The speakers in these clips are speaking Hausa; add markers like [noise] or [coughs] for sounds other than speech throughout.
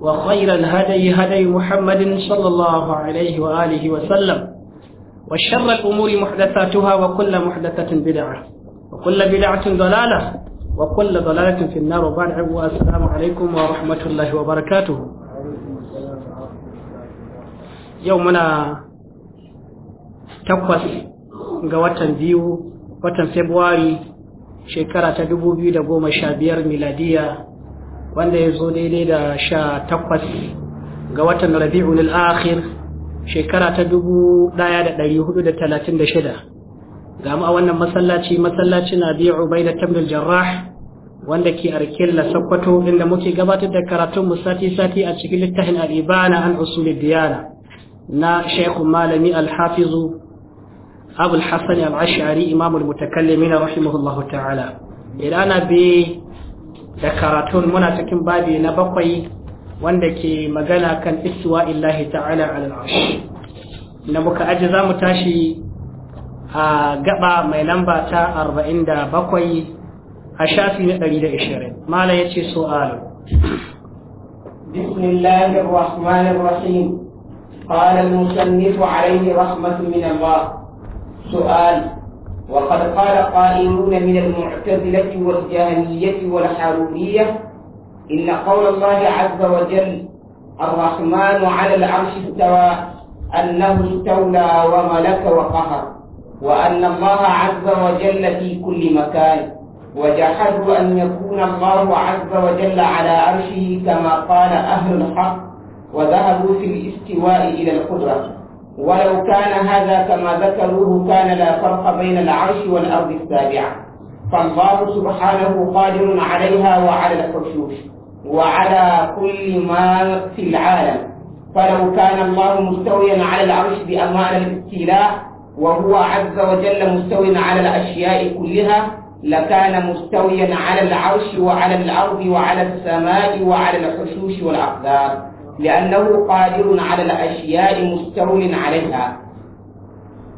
وخير الهدي هدي محمد صلى الله عليه وآله وسلم وشر الأمور محدثاتها وكل محدثة بدعة وكل بدعة ضلالة وكل ضلالة في النار وبعد والسلام عليكم ورحمة الله وبركاته يومنا تقوس قوة بيو watan Februari shekara ta 2015 miladiya wanda ya zo daidai da sha takwas ga watan rabi'ul al-akhir shekara ta dubu ɗaya da ɗari hudu da talatin da shida ga mu a wannan masallaci masallaci na biyu ubai da tamil jarrah wanda ke la sakkwato inda muke gabatar da karatun mu sati sati a cikin littafin al-ibana an usulid diyana na shaikhu malami al-hafizu al hasan al-ash'ari imamul mutakallimin rahimahullahu ta'ala idan ana bi da karatun muna cikin babi na bakwai wanda ke magana kan istiwa illahi ta'ala alal da muka aji za mu tashi a gaba mai lamba ta 47 a shafi na 120 mala yace su'alu بسم الله الرحمن الرحيم قال المصنف عليه رحمة من الله سؤال وقد قال قائلون من المعتزلة والجهمية والحارورية إن قول الله عز وجل الرحمن على العرش استوى أنه استولى وملك وقهر وأن الله عز وجل في كل مكان وجحدوا أن يكون الله عز وجل على عرشه كما قال أهل الحق وذهبوا في الاستواء إلى القدرة ولو كان هذا كما ذكروه كان لا فرق بين العرش والأرض السابعة فالله سبحانه قادر عليها وعلى الحشوش وعلى كل ما في العالم فلو كان الله مستويا على العرش بأمان الاستيلاء وهو عز وجل مستوي على الأشياء كلها لكان مستويا على العرش وعلى الأرض وعلى السماء وعلى الحشوش والأقدار لأنه قادر على الأشياء مستول عليها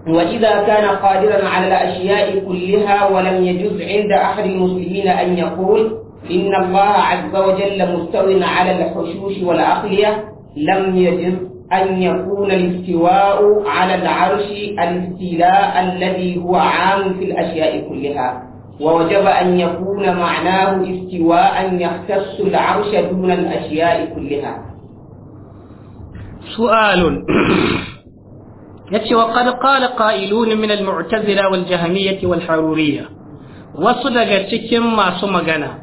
وإذا كان قادرا على الأشياء كلها ولم يجز عند أحد المسلمين أن يقول إن الله عز وجل مستو على الحشوش والأخلية لم يجز أن يكون الاستواء على العرش الاستيلاء الذي هو عام في الأشياء كلها ووجب أن يكون معناه استواء يختص العرش دون الأشياء كلها su'alun yace wa qad qala qa'ilun min al-mu'tazila wal jahmiyyah wal haruriyya wasu daga cikin masu magana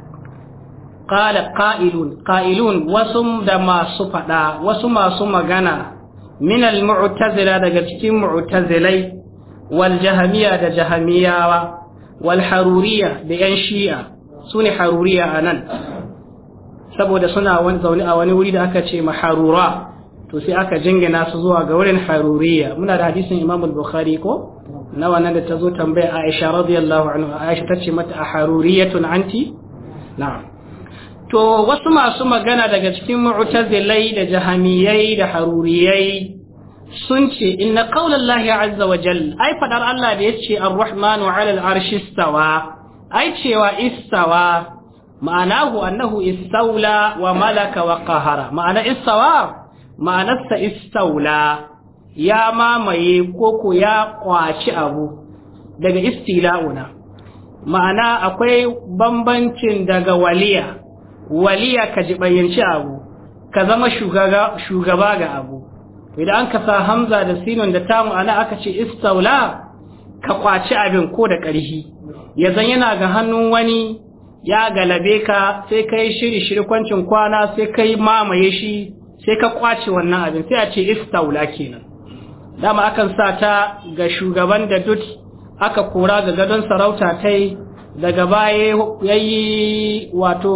qala qa'ilun qa'ilun wasu da masu fada wasu masu magana min al-mu'tazila daga cikin mu'tazilai wal da jahmiyawa wal da yan shi'a sune a nan saboda suna wani zaune a wani wuri da aka ce ma harura. to sai aka jingina su zuwa ga wurin haruriya muna da hadisin imam al-bukhari ko na wannan da ta zo tambaya aisha radiyallahu anha aisha ta ce mata a haruriyatun anti na'am to wasu masu magana daga cikin mu'tazilai da jahamiyai da haruriyai sun ce inna allah azza wa jalla ai fadar Allah da yace ar-rahmanu 'ala al-arshi istawa ai cewa istawa ma'anahu annahu istawla wa malaka wa qahara ma'ana istawa ma'anarsa istaula ya mamaye ko koko ya ƙwaci abu daga istila'una ma'ana akwai bambancin daga waliya waliya ka ji jibayyanci abu ka zama shugaba ga abu idan an kasa hamza da sinon da ta ma'ana aka ce istaula ka kwaci abin ko da ƙarfi zan yana ga hannun wani ya galabe ka sai ka yi shiri kwancin kwana sai ka yi mamaye shi sai ka kwace wannan abin sai a ce istaula kenan dama akan sa ta ga shugaban da duk aka kora ga gadon sarauta ta daga baya yayi wato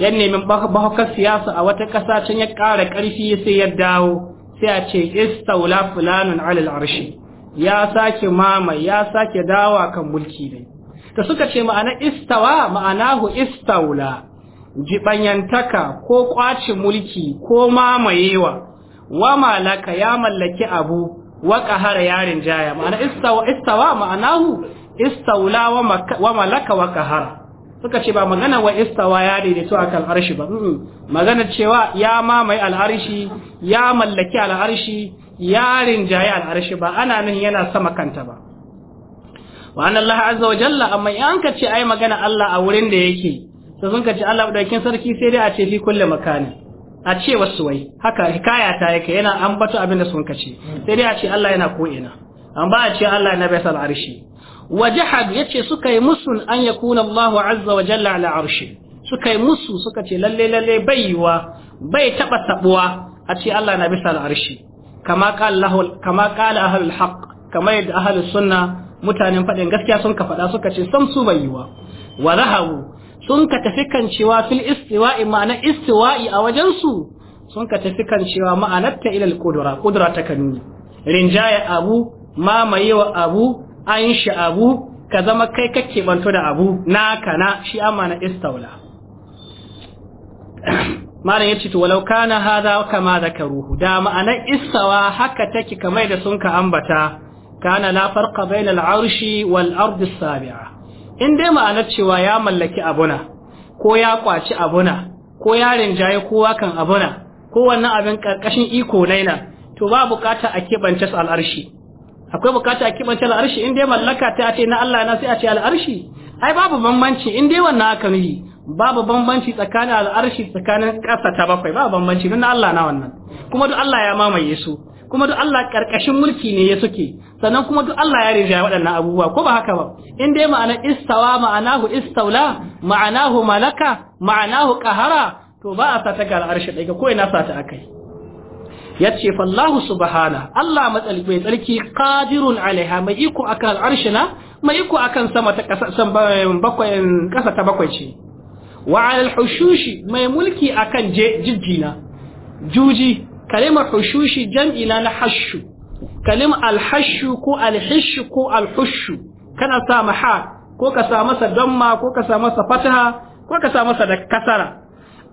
yan neman bahukar siyasa a wata ƙasa can ya ƙara ƙarfi sai ya dawo sai a ce istaula fulanun alal arshi ya sake mama ya sake dawa kan mulki ne Ta suka ce ma'ana istawa ma'anahu istaula jibanyantaka ko kwace mulki ko mamayewa wa malaka ya mallaki abu wa qahara yarin jaya ma'ana istawa ma'anahu istawla wa malaka wa qahara suka ce ba magana wa istawa ya daidaito akan arshi ba magana cewa ya mamaye al'arshi ya mallaki al'arshi ya rinjaye al'arshi ba ana nan yana sama kanta ba wa anna Allah azza wa jalla amma in ka ce ai magana Allah a wurin da yake da sun kace Allah madaukakin sarki sai dai a ce fi kulle makani a ce wasu wai haka hikaya ta yake yana ambato abin da sun kace sai dai a ce Allah yana ko'ina an ba a ce Allah yana bisa al'arshi wajahad yace suka yi musu an kuna Allahu azza wa jalla ala arshi suka yi musu suka ce lalle lalle yiwa bai taba sabuwa a ce Allah na bisa al'arshi kama qala Allah kama qala ahlul haqq kama yadda ahlus sunna mutanen fadin gaskiya sun ka fada suka ce sam su baiwa wa zahabu sun ka tafi kan cewa fil istiwa'i ma'ana istiwa'i a wajen su sun ka tafi kan cewa ma'anarta ilal kudura, kudura ta kanuni rinjaya abu mamayewa abu an shi abu ka zama kai kake banto da abu naka na shi amma na istaula [coughs] yace to walau kana hadha kama zakaruhu da ma'anar istawa haka take kamar da sun ka ambata kana la farqa bainal arshi wal ardi sabi'a in dai ma'anar cewa ya mallaki abuna ko ya kwaci abuna ko ya rinjaye kowa kan abuna ko wannan abin karkashin iko naina to ba bukata a kibance su al'arshi akwai bukata a kibance al'arshi in dai mallaka ta ce na Allah na sai a ce al'arshi ai babu bambanci in dai wannan aka yi babu bambanci tsakanin al'arshi tsakanin ƙasa ta bakwai babu bambanci don Allah na wannan kuma duk Allah ya mamaye su kuma duk Allah karkashin mulki ne ya suke sannan kuma duk Allah ya rinjaye waɗannan abubuwa ko ba haka ba in dai ma'anar istawa ma'anahu istaula ma'anahu malaka ma'anahu qahara to ba a sata ga arshi dai ko ina sata akai yace fallahu subhana Allah matsali tsarki qadirun alaiha mai iko akan arshina mai iko akan sama ta kasa bakwai kasa ta bakwai ce wa alal hushushi mai mulki akan jijjina juji Kalima hushushi jam'i na hashu kalima alhashu ko alhishu ko alhushu kana sa maha ko ka sa masa damma ko ka masa fataha ko ka da kasara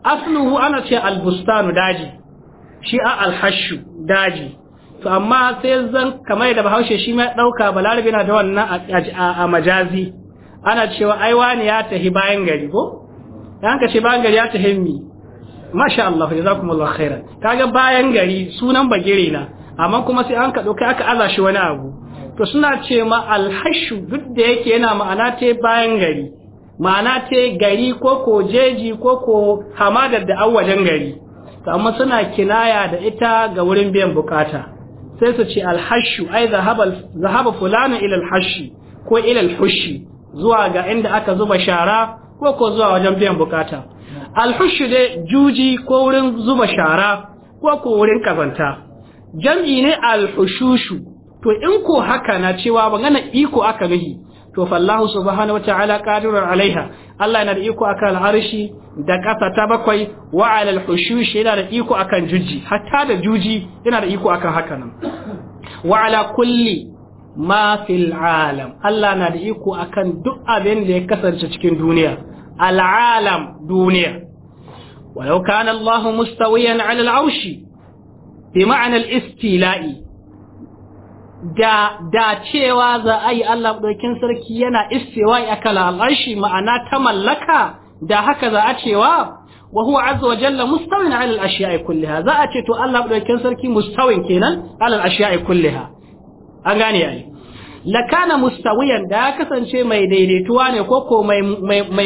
asluhu ana ce albustanu daji shi a alhashu daji to amma sai zan kamar da bahaushe shi ma ya dauka balarabe na da wannan a majazi ana cewa ai ya tahi bayan gari ko dan ka ce bayan gari ya tahi mi masha Allah jazakumullahu khairan kaga bayan gari sunan bagire na amma kuma sai an ka dauka aka aza shi wani abu to suna ce ma alhashu duk da yake yana ma'ana ta bayan gari ma'ana ta gari ko ko jeji ko ko hamadar da awajen gari to amma suna kinaya da ita ga wurin biyan bukata sai su ce alhashu ai zahaba fulana ila alhashi ko ila alhushi zuwa ga inda aka zuba shara ko ko zuwa wajen biyan bukata alhushu dai juji ko wurin zuba shara ko ko wurin kazanta jam'i ne alhushushu to in ko haka na cewa magana iko aka mihi to fallahu subhanahu wata'ala qadirun alaiha Allah yana da iko akan al'arshi da ƙasa ta bakwai wa alal hushush yana da iko akan juji hatta da juji yana da iko akan haka nan wa ala kulli ma fil alam Allah na da iko akan duk abin da ya kasance cikin duniya al'alam duniya walau kana Allah mustawiyan ala al'arshi bi ma'anar istila'i da da cewa za a yi Allah ɗaukin sarki yana istiwa'i akan shi ma'ana ta mallaka da haka za a cewa wa huwa azza wa jalla mustawin ala al-ashiya'i kulliha za a ce to Allah daukin sarki mustawin kenan ala al-ashiya'i kulliha an gane yayi lakana mustawiyan da ya kasance mai daidaituwa ne ko ko mai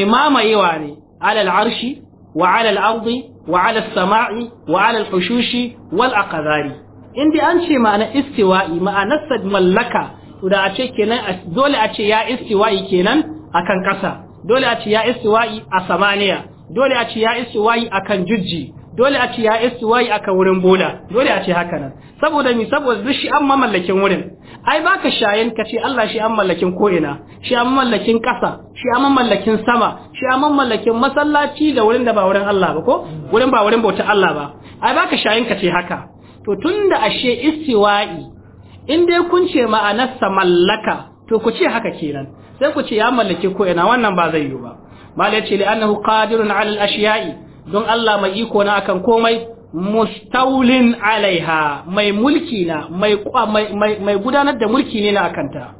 mamayewa ne alal arshi wa alal ardi wa alal sama'i wa alal hushushi wal aqdari indi an ce ma'ana istiwa'i ma'anar sad mallaka to da a ce kenan dole a ce ya istiwa'i kenan akan kasa dole a ce ya istiwa'i a samaniya dole a ce ya istiwa'i akan jujji dole a ce ya istiwai aka wurin bola dole a ce haka nan saboda mi saboda duk shi an mamallakin wurin ai baka shayin ka ce Allah shi an mallakin ko ina shi an mallakin kasa shi an mallakin sama shi an mallakin masallaci da wurin da ba wurin Allah ba ko wurin ba wurin bauta Allah ba ai baka shayin ka ce haka to tunda ashe istiwa'i in dai kun ce ma'anar sa mallaka to ku ce haka kenan sai ku ce ya mallaki ko ina wannan ba zai yiwu ba malai ce annahu qadirun 'ala al-ashiya'i don Allah mai iko na akan komai mustaulin alaiha mai mulki na mai mai gudanar da mulki ne na akanta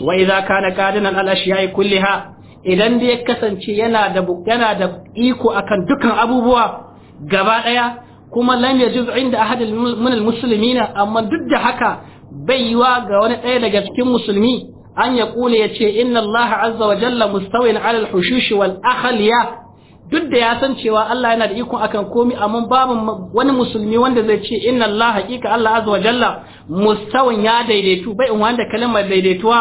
wa idza kana qadinan al ashiya'i kulliha idan da ya kasance yana da yana da iko akan dukan abubuwa gaba daya kuma lam yajuz inda ahad min al muslimina amma duk da haka bai yiwa ga wani daya daga cikin musulmi an ya kula yace inna Allah azza wa jalla mustawin ala al hushush wal akhliya duk da ya san cewa Allah yana da iko akan komi amma babu wani musulmi wanda zai ce inna Allah haqiqa Allah azza wa jalla mustawin ya daidaitu bai in wanda kalmar daidaituwa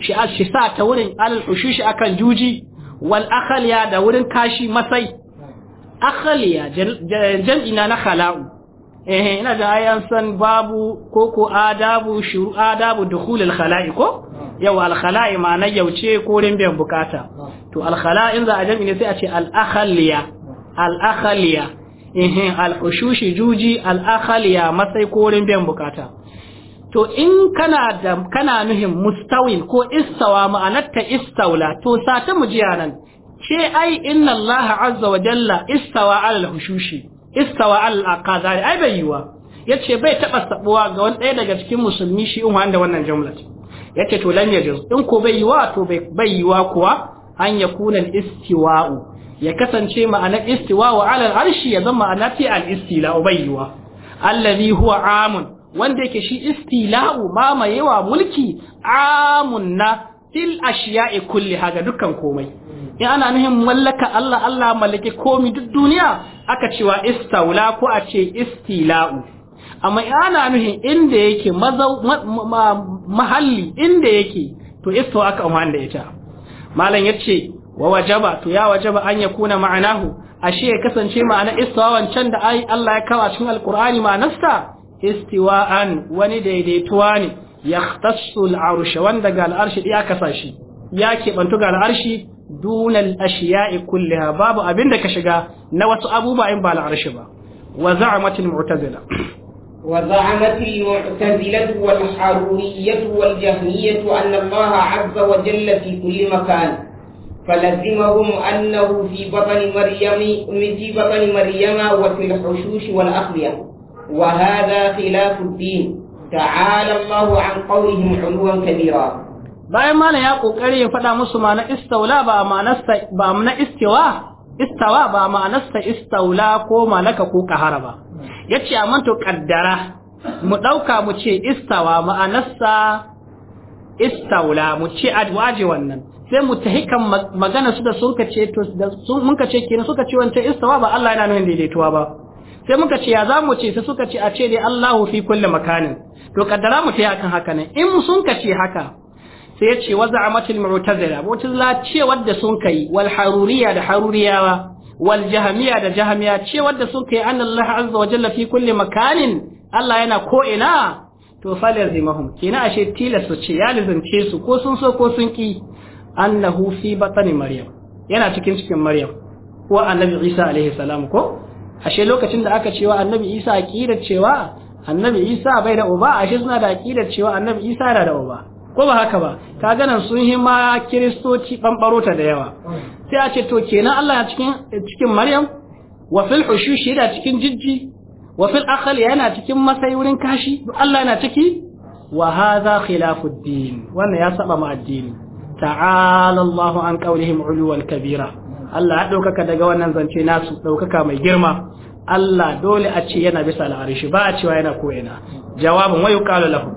shi a shi sa ta wurin alal hushushi akan juji wal akhliya da wurin kashi masai akhliya jam'ina na khala'u eh ina da ayan san babu koko adabu shuru adabu dukhul al khala'i ko yau alkhala'i ma'ana yauce ko rimbiyan bukata to in za a jami ne sai a ce al'akhaliya al'akhaliya ehin al'ushushi juji al'akhaliya matsayi ko rimbiyan bukata to in kana da kana nuhin mustawin ko istawa ta istaula to sata mu jiya nan ce ai inna Allah azza wa jalla istawa alal hushushi istawa alal aqazari ai bai yiwa yace bai taba sabuwa ga wani ɗaya daga cikin musulmi shi in wanda wannan jumla yace to lan yajuz in ko bai yiwa to bai yiwa kuwa an yakuna istiwa'u ya kasance ma'ana istiwa'u ala arshi ya zama ma'ana fi al-istila'u bai yiwa allazi huwa amun wanda yake shi istila'u mamayewa mulki amun na fil ashiya'i kulli haga dukkan komai in ana nuhin mallaka Allah Allah mallake komi duk duniya aka cewa istaula ko a ce istila'u amma ana nuhin inda yake mahalli inda yake to wa aka umar da ita malam ya ce wa wajaba to ya wajaba an ya ma'ana ma'anahu ashe ya kasance ma'ana istawa wancan da ai Allah ya kawo cikin alkur'ani ma'anarsa istiwa'an wani daidaituwa ne tasu al'arsh wanda ga al'arsh ya kasa shi ya keɓantu ga al'arshi dunal ashiya'i kulliha babu abin da ka shiga na wasu abubuwa in ba al'arshi ba wa za'amatul mu'tazila وزعمت المعتزلة والحرورية والجهمية أن الله عز وجل في كل مكان فلزمهم أنه في بطن مريم في بطن مريم وفي الحشوش والأخلية وهذا خلاف الدين تعالى الله عن قولهم علوا كبيرا bayan malam ya kokari ya faɗa musu ma'anar istaula ba ma'anarsa ba ma'anar istiwa istawa ba ma'anarsa istaula ko malaka ko kahara ba Ya yace a to kaddara mu ɗauka mu ce istawa ma'anarsa istaula mu ce adwaje wannan sai mu ta hikan magana su da suka ce to mun ka ce kenan suka ce wancan istawa ba Allah yana nuna daidaituwa ba sai muka ce ya zamu ce sai suka ce a ce dai Allahu fi kulli makanin to kaddara mu ta akan haka ne in sun ka ce haka sai ya ce waza'amatul mu'tazila mu'tazila ce wadda sun kai wal haruriya da haruriyawa wal da jahamiya ce wadda sun kai anna Allah azza wa jalla fi makanin Allah yana ko'ina. ina to fa lazimahum kina ashe tilas su ce ya lazimce su ko sun so ko sun ki annahu fi batni maryam yana cikin cikin maryam wa annabi isa alaihi salam ko ashe lokacin da aka cewa annabi isa aqidar cewa annabi isa bai da uba ashe suna da aqidar cewa annabi isa yana da uba ko ba haka ba ka ganin sun yi ma kiristoci bambarota da yawa sai a ce to kenan Allah ya cikin cikin Maryam wa fil yana cikin jijji wa fil akhal yana cikin masai wurin kashi Allah yana ciki wa hadha khilafud wannan ya saba ma addini ta'ala an an qawlihim uluwan kabira Allah ya daukaka daga wannan zance nasu daukaka mai girma Allah dole a ce yana bisa al'arishi ba a cewa yana ko ina jawabin wayu qala lahum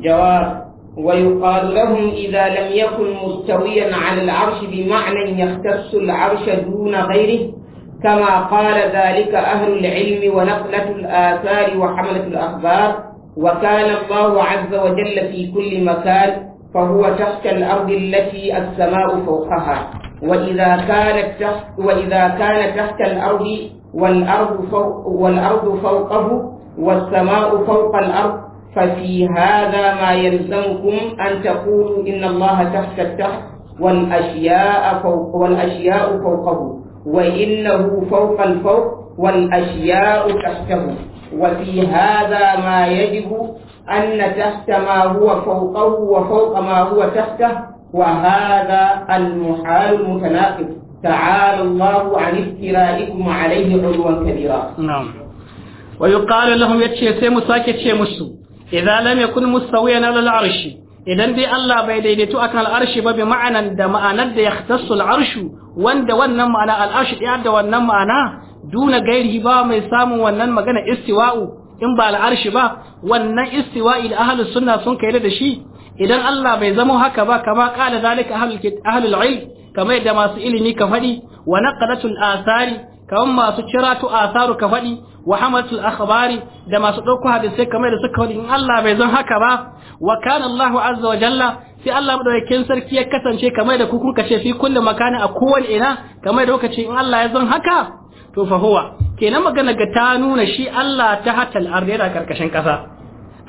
jawab ويقال لهم إذا لم يكن مستويا على العرش بمعنى يختص العرش دون غيره كما قال ذلك أهل العلم ونقلة الآثار وحملة الأخبار وكان الله عز وجل في كل مكان فهو تحت الأرض التي السماء فوقها وإذا كانت تحت وإذا كان تحت الأرض والأرض فوق والأرض فوقه والسماء فوق الأرض ففي هذا ما يلزمكم أن تقولوا إن الله تحت التحت والأشياء فوق والأشياء فوقه وإنه فوق الفوق والأشياء تحته وفي هذا ما يجب أن تحت ما هو فوقه وفوق ما هو تحته وهذا المحال المتناقض تعالى الله عن افترائكم عليه عدوا كبيرا نعم ويقال لهم يتشيسي مساكي ساكت مسو idza lam yakun mustawiyan ala al-arshi idan dai Allah bai daidaito akan al'arshi ba bi ma'anan da ma'anar da yahtassu al'arshu wanda wannan ma'ana al'arshi ya da wannan ma'ana duna gairi ba mai samun wannan magana istiwa'u in ba al'arshi ba wannan istiwa'i da ahlus sunna sun kai da shi idan Allah bai zama haka ba kama qala zalika ahlul ahlul ilm kamar da masu ilimi ka faɗi wa naqalatul asari kamar masu cira tu asaru ka faɗi wa hamatul akhbari da masu ɗauko hadisai kamar da suka faɗi in Allah bai zan haka ba wa kana Allahu azza wa jalla sai Allah madaukakin sarki ya kasance kamar da kuku kace fi kulli makani a kowane ina kamar da kace in Allah ya zan haka to fa huwa kenan magana ga ta nuna shi Allah ta hatal ardi da karkashin kasa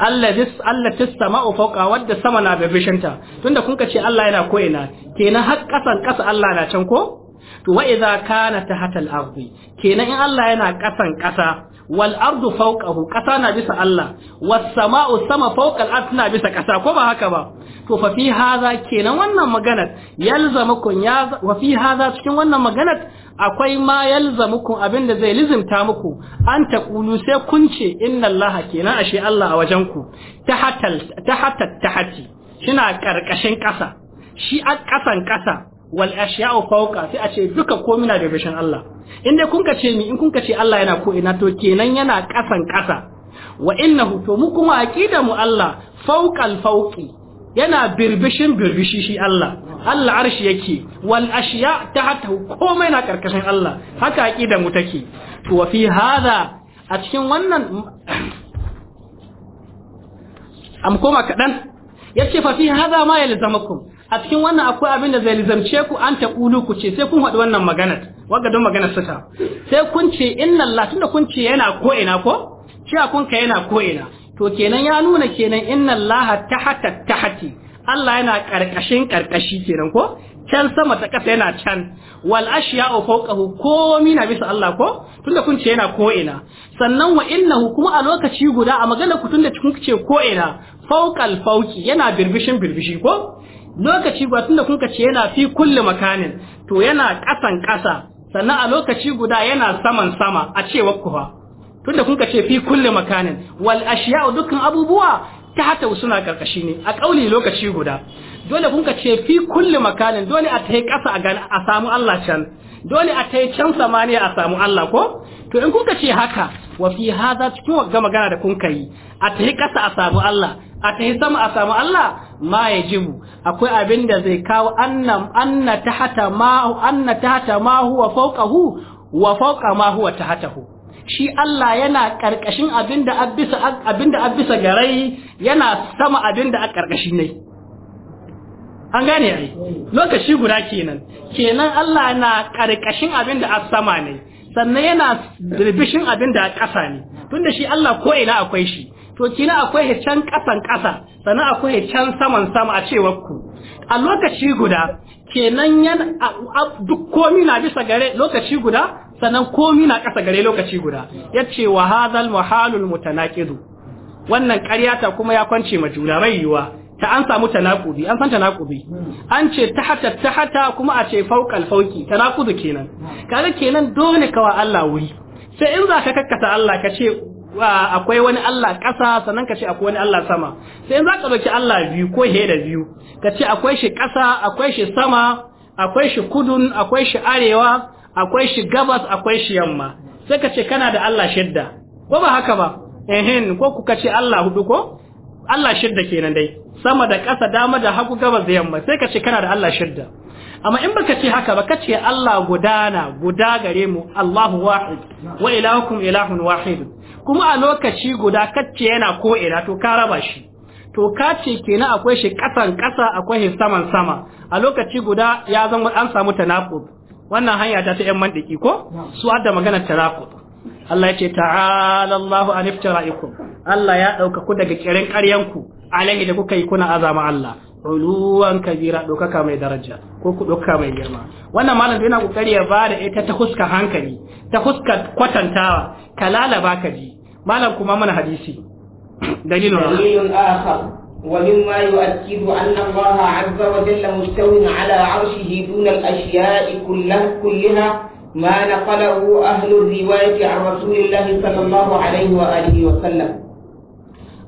Allah dis Allah tis fawqa wadda sama na bibishinta tunda kun ce Allah yana ko ina kenan har kasan kasa Allah na can ko to waiza kana tahta al-ardi kenan in Allah yana kasan kasa wal ardu fawqahu kasa na bisa Allah was sama'u sama fawqa al-ardi na bisa kasa ko ba haka ba to fa fi hadha kenan wannan maganar yalzamukum ya wa fi cikin wannan maganar akwai ma yalza muku abin da zai lizimta muku an taƙulu sai kun ce inna Allah kenan ashe Allah a wajen ku tahta tahta tahati shina ƙarƙashin ƙasa. shi ƙasan ƙasa. wal ashya'u fawqa sai a ce duka komai na gabashin Allah in dai kun ka ce mi in kun ka ce Allah yana ko ina to kenan yana kasan kasa wa innahu to mu kuma aqida mu Allah fawqal fawqi yana birbishin birbishi shi Allah Allah arshi yake wal ta tahtahu komai na karkashin Allah haka aqida mu take to wa fi hada a cikin wannan am koma kadan yace fa fi hada ma yalzamukum a cikin wannan akwai abin da zai lizamce ku an ta ƙulu ku ce sai kun haɗu wannan maganar wanda don maganar suka sai kun ce inna Allah tunda kun ce yana ko ina ko ce kun ka yana ko ina to kenan ya nuna kenan inna Allah tahata tahati Allah yana karkashin karkashi kenan ko can sama ta kasa yana can wal ashya'u fawqahu komi na bisa Allah ko tunda kun ce yana ko ina sannan wa innahu kuma a lokaci guda a magana ku tunda kun ce ko ina fawqal fawqi yana birbishin birbishi ko lokaci ba tunda kuka ce yana fi kulli makanin to yana kasan ƙasa. sannan a lokaci guda yana saman sama a cewar kuwa tunda kun ce fi kulli makanin wal ashiya'u dukkan abubuwa ta hata suna karkashi ne a kauli lokaci guda dole kun ce fi kulli makanin dole a tai kasa a gani a samu Allah can dole a tai can samaniya a samu Allah ko to in kuka ce haka wa fi hadha cikin gama magana da kun yi, a tai ƙasa a samu Allah a yi sama a samu Allah ma ya mu akwai abin da zai kawo an ta hata ma huwa fauka hu wa fauka ma huwa hu shi Allah yana ƙarƙashin abin da abisa abin da garai yana sama abin da a ƙarƙashi ne an gane ai lokaci guda kenan kenan Allah na ƙarƙashin abin da a sama ne sannan yana birbishin abin da a ƙasa ne tunda shi Allah ko ina akwai shi to kina akwai can kasan kasa sannan akwai can saman sama a cewar ku a lokaci guda kenan yan duk komi na bisa gare lokaci guda sannan komi na kasa gare lokaci guda Ya ce wa hadhal muhalul mutanaqidu wannan ƙarya ta kuma ya kwance ma juna bai yiwa ta an samu tanakubi an san tanakubi an ce tahata tahata kuma a ce fawqal fawqi tanakudu kenan kaga kenan dole kawa Allah wuri sai in za ka kakkata Allah ka ce akwai wani Allah ƙasa sannan ka ce akwai wani Allah sama sai in za ka ɗauki Allah biyu ko he da biyu ka ce akwai shi ƙasa akwai shi sama akwai shi kudun akwai shi arewa akwai shi gabas akwai shi yamma sai ka ce kana da Allah shidda ko ba haka ba ehin ko kuka ce Allah hudu ko Allah shidda kenan dai sama da ƙasa dama da hagu gabas da yamma sai ka ce kana da Allah shidda amma in baka ce haka ba kace Allah gudana guda gare mu Allahu wahid wa ilahukum ilahun wahid kuma a lokaci guda kace yana ko ina to ka raba shi to ka ce kenan akwai shi kasan kasa akwai shi saman sama a lokaci guda ya zama an samu tanaqub wannan hanya ta ta yan mandiki ko su adda magana tanaqub Allah ya ce ta'ala Allahu an iftara'ikum Allah ya dauka ku daga kiran ƙaryanku alaihi da kuka yi kuna azama Allah uluwan kabira ɗaukaka mai daraja ko ku ɗauka mai girma wannan malam yana kokari ya ba da ita ta huska hankali ta huska kwatantawa kalala ba ka ji malam kuma mana hadisi dalilun akhar ومما يؤكد أن الله عز وجل مستو على عرشه دون الأشياء كلها, كلها ما نقله أهل الرواية عن رسول الله صلى الله عليه وآله وسلم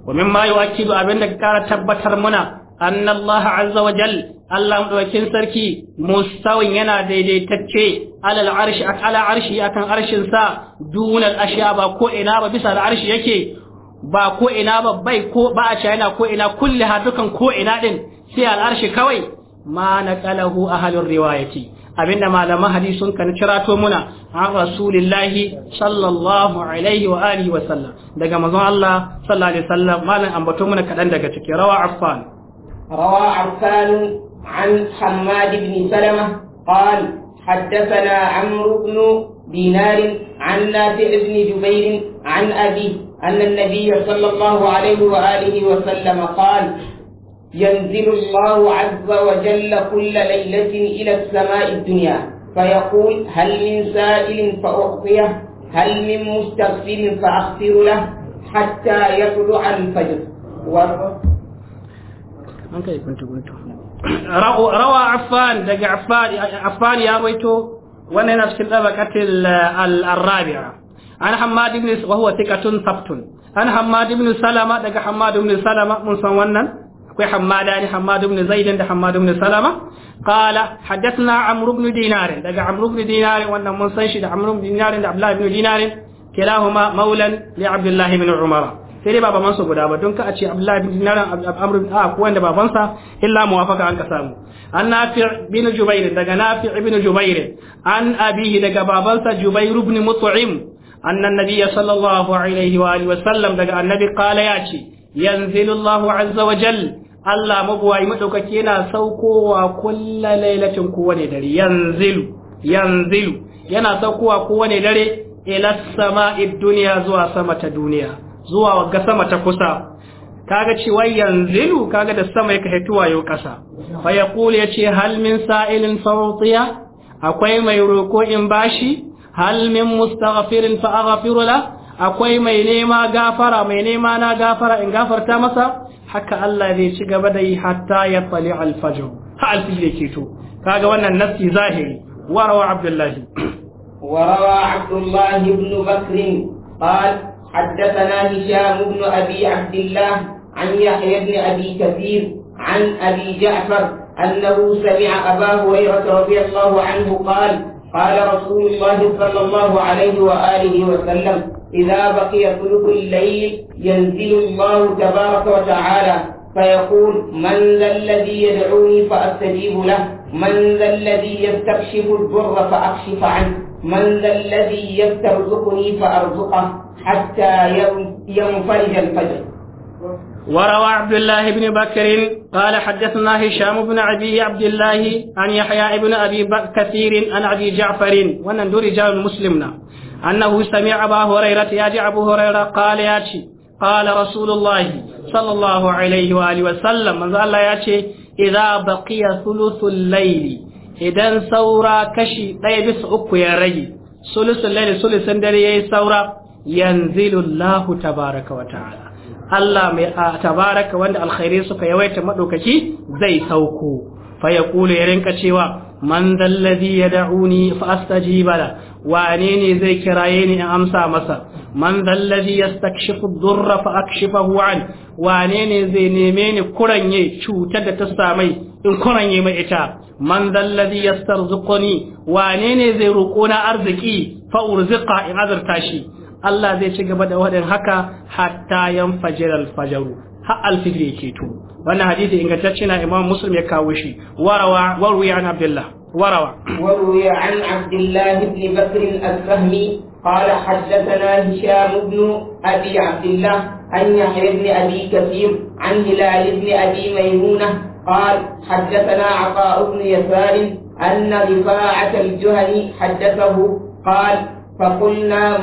ومما يؤكد أبنك كانت tabbatar منا أن الله عز وجل الله مدوكين سركي مستو ينا دي دي تتشي على العرش على عرش أكن عرش سا دون الأشياء باكو إنا ببسا العرش يكي باكو إنا بباي كو باعشا إنا كو إنا كلها دكن كو إنا دين سي العرش كوي ما نقله أهل الرواية abinda malaman hadisun kan cirato muna an rasulillahi sallallahu alaihi wa alihi wa sallam daga manzon Allah sallallahu alaihi wasallam malam ambato muna kadan daga ciki rawa affan روى عفان عن حماد بن سلمة قال حدثنا عمرو بن دينار عن نافع بن جبير عن أبيه أن النبي صلى الله عليه وآله وسلم قال ينزل الله عز وجل كل ليلة إلى السماء الدنيا فيقول هل من سائل فأعطيه هل من مستغفر فأغفر له حتى يطلع الفجر an kai kuntu kuntu rawa affan daga ya waito wannan yana cikin dabaqatil eh, al an hammad ibn wa huwa thiqatun an ibn salama daga ibn salama mun san wannan akwai ibn da ibn salama qala amr ibn dinar daga amr ibn dinar wannan mun san shi da amr ibn dinar da abdullah ibn dinar kilahuma maulan li abdullah ibn sai dai sa guda ba don ka a ce abdullahi bin dinaran amr bin a wanda babansa illa muwafaka an ka samu an nafi' bin jubair daga nafi' ibn jubair an abihi daga baban babansa jubair ibn mut'im annan nabiyya sallallahu alaihi wa alihi wa sallam daga annabi qala ya ce yanzilu Allahu azza wa jalla Allah mabuwayi maɗaukaki yana saukowa kulla lailatin kowane dare yanzilu yanzilu yana saukowa kowane dare ila sama'id duniya zuwa sama ta duniya zuwa ga sama ta kusa kaga cewa yanzilu kaga da sama yake hituwa yau kasa fa yaqul yace hal min sa'ilin fawtiya akwai mai roko in bashi hal min mustaghfirin fa aghfiru la akwai mai nema gafara mai nema na gafara in gafarta masa haka Allah zai ci gaba da yi hatta ya tsali alfajr ha alfijir ke to kaga wannan nafsi zahiri warawa abdullahi warawa abdullahi ibn bakr قال حدثنا هشام بن أبي عبد الله عن يحيى بن أبي كثير عن أبي جعفر أنه سمع أبا هريرة رضي الله عنه قال قال رسول الله صلى الله عليه وآله وسلم إذا بقي ثلث الليل ينزل الله تبارك وتعالى فيقول من ذا الذي يدعوني فأستجيب له من ذا الذي يستكشف الضر فأكشف عنه من ذا الذي يسترزقني فأرزقه حتى ينفرج الفجر وروى عبد الله بن بكر قال حدثنا هشام بن ابي عبد الله عن يحيى بن ابي كثير عن ابي جعفر ونندور رجال مسلمنا انه سمع ابا هريره يا ابو هريره قال ياتي قال رسول الله صلى الله عليه واله وسلم من الله ياتي اذا بقي ثلث الليل idan saura kashi ɗaya bisa uku ya rage sulusun laili sulisun dare ya yi saura Yanzu lullahu tabaraka wa ta'ala Allah mai a tabaraka wanda alkhairi suka yawaita maɗaukaki zai sauko fa ya kula ya rinka cewa man zallazi ya da'uni fa ji bala wane ne zai kiraye ni in amsa masa man zallazi yastakshifu durra fa akshifahu an wane ne zai neme ni kuranye cutar da ta samai in kuranye mai ita man dalladhi yastarzuquni wane ne zai roƙo na arziki fa urziqa in azurta shi Allah zai ci gaba da wadin haka hatta yanfajir al-fajru har al-fajr yake to wannan hadisi ingantacce na Imam Muslim ya kawo shi warawa warwi an Abdullah warawa warwi an Abdullah ibn Bakr al-Fahmi قال حدثنا هشام بن أبي عبد الله عن يحيى بن أبي كثير عن هلال بن أبي ميمونة قال حدثنا عطاء بن يسار أن رفاعة الجهني حدثه قال فقلنا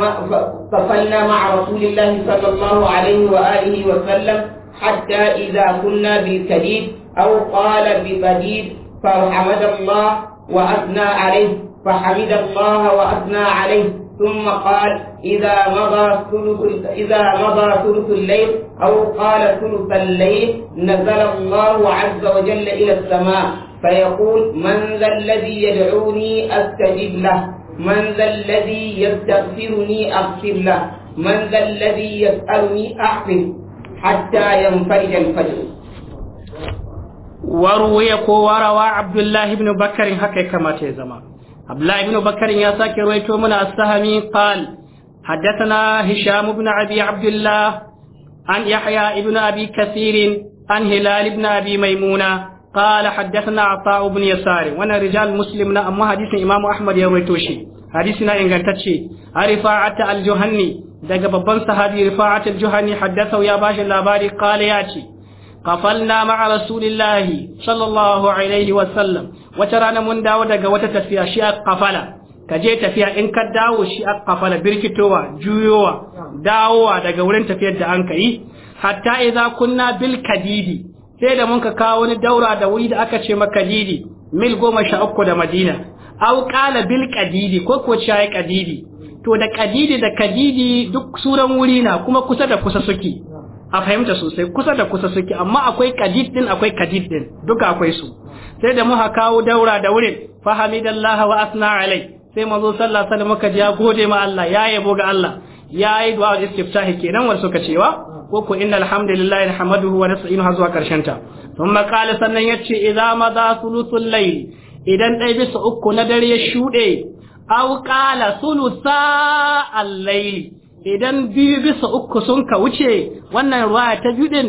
فصلنا مع رسول الله صلى الله عليه وآله وسلم حتى إذا كنا بالكديد أو قال ببديد فحمد الله وأثنى عليه فحمد الله وأثنى عليه ثم قال إذا مضى ثلث إذا مضى ثلث الليل أو قال ثلث الليل نزل الله عز وجل إلى السماء فيقول من ذا الذي يدعوني أستجب له من ذا الذي يستغفرني أغفر له من ذا الذي يسألني أحفظ حتى ينفرج الفجر وروي وروى عبد الله بن بكر هكذا كما تزمان abdullah ibn bakarin ya sake rawaito mana as-sahami qal haddathana hisham ibn abi abdullah an yahya ibn abi kathir an hilal ibn abi maimuna qala haddathana ata ibn yasar wa na rijal muslim na amma hadithin imam ahmad ya rawaito shi hadisi na ingantacce arifa'at al-juhanni daga babban sahabi rifa'at al-juhanni haddathu ya bashi labari qala ce qafalna ma'a rasulillahi sallallahu alaihi wasallam wata rana mun dawo daga wata tafiya shi a qafala ka je tafiya in ka dawo shi a kafala birkitowa juyowa dawowa daga wurin tafiyar da ankayi. kai hatta idza kunna bil kadidi sai da mun ka kawo wani daura da wuri da aka ce maka kadidi mil goma sha uku da madina aw qala bil kadidi ko ko ce kadidi to da kadidi da kadidi duk suran wuri na kuma kusa da kusa suke a fahimta sosai kusa da kusa suke amma akwai kadid din akwai kadid din duka akwai su sai da muka kawo daura da wurin fa hamidallahi wa asna alai sai mazo sallallahu alaihi wasallam muka ji ya gode ma Allah ya yabo ga Allah ya yi du'a istiftahi kenan wanda suka cewa ko ku inna alhamdulillahi nahmaduhu wa nasta'inuhu zuwa karshen ta thumma qala sannan yace idza madha thuluthul layl idan dai bisa uku na dare ya shude aw qala thulutha al-layl idan biyu bisa uku sun ka wuce wannan ruwa ta biyu din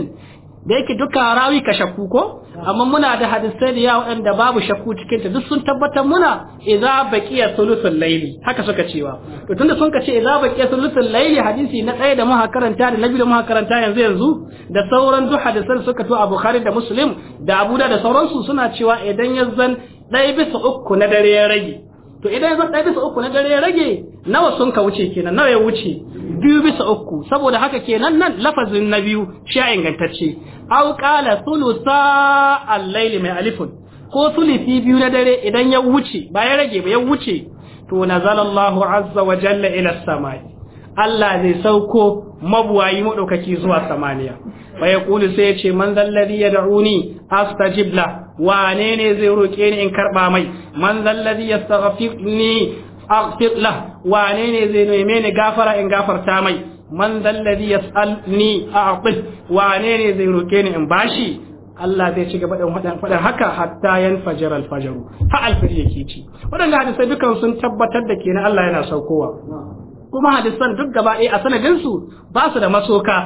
da yake duka rawi ka shakku ko amma muna da hadisai da yawa waɗanda babu shakku cikin ta duk sun tabbatar muna idza baqiya thuluthul layli haka suka cewa to tunda sun ce idza baqiya thuluthul layli hadisi na ɗaya da muka karanta da nabi da muka karanta yanzu yanzu da sauran duk hadisan suka to a bukhari da muslim da abu da sauransu suna cewa idan yazzan ɗaya bisa uku na dare ya rage to idan zan ɗaya bisa uku na dare ya rage nawa sun ka wuce kenan nawa ya wuce biyu bisa uku saboda haka kenan nan lafazin na biyu shi ya ingantacce aw qala thulutha al-layli mai alifun ko thuluthi biyu na dare idan ya wuce ba ya rage ba ya wuce to nazalallahu azza wa jalla ila samai Allah zai sauko mabuwayi maɗaukaki zuwa samaniya fa ya kulu sai yace ce man zalladi ya da'uni astajib la wane ne zai roƙe ni in karɓa mai man zalladi ya ni aghfir la wane ne zai neme ni gafara in gafarta mai man zalladi ya ni aqil wane ne zai roƙe ni in bashi Allah zai ci gaba da faɗin haka hatta yan fajar alfajaru ha alfajir yake ci waɗanda hadisai dukan sun tabbatar da kenan Allah yana saukowa kuma hadisan duk gaba ɗaya a sanadin su ba su da masoka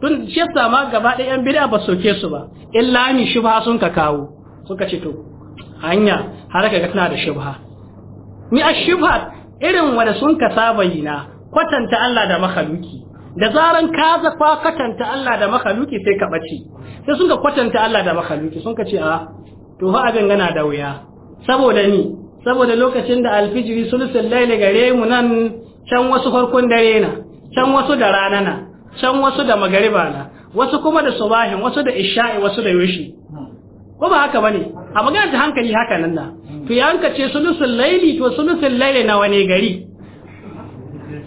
tun shi yasa ma gaba ɗaya yan bid'a ba soke su ba illa ni shubha sun ka kawo suka ce to hanya har ka ga tana da shubha ni a shubha irin wanda sun ka saba yi na kwatanta Allah da makhluki da zaran ka zafa kwatanta Allah da makhaluki sai ka bace sai sun ka kwatanta Allah da makhaluki sun ka ce a to fa abin gana da wuya saboda ni saboda lokacin da alfijiri sulusul laili gare mu nan can wasu farkon dare na can wasu da rana na can wasu da magariba na wasu kuma da subahin wasu da isha'i wasu da yushi ko ba haka bane a magana ta hankali haka nan na to ya hanka ce sulusul laili to sulusul laili nawa ne gari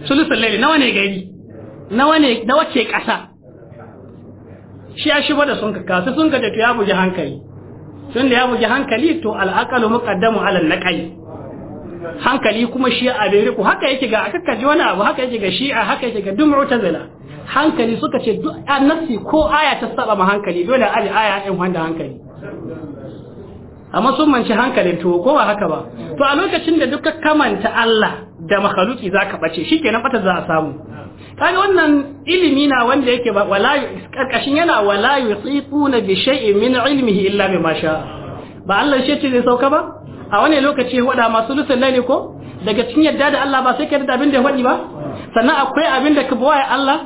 sulusul laili nawa ne gari nawa ne da wace kasa shi ya shi da sun ka kasu sun ka to ya buji hankali tun da ya buji hankali to al'aqalu muqaddamu ala al-naqli hankali kuma shi a ku haka yake ga akakkaji wani abu haka yake ga shi'a haka yake ga duk mu'tazila hankali suka ce duk anasi ko aya ta saba ma hankali dole ali aya in wanda hankali amma sun manci hankalin to ko ba haka ba to a lokacin da duka kamanta Allah da makhluki zaka bace shikenan fata za a samu kaga wannan ilimi na wanda yake ba wala karkashin yana wala yusifuna bi shay'in min ilmihi illa mai masha. ba Allah shi ce zai sauka ba a wani lokaci ya faɗa masu lusun laili ko daga cikin yadda da Allah ba sai ka yadda abin da ya faɗi ba sannan akwai abin da ka bawa ya Allah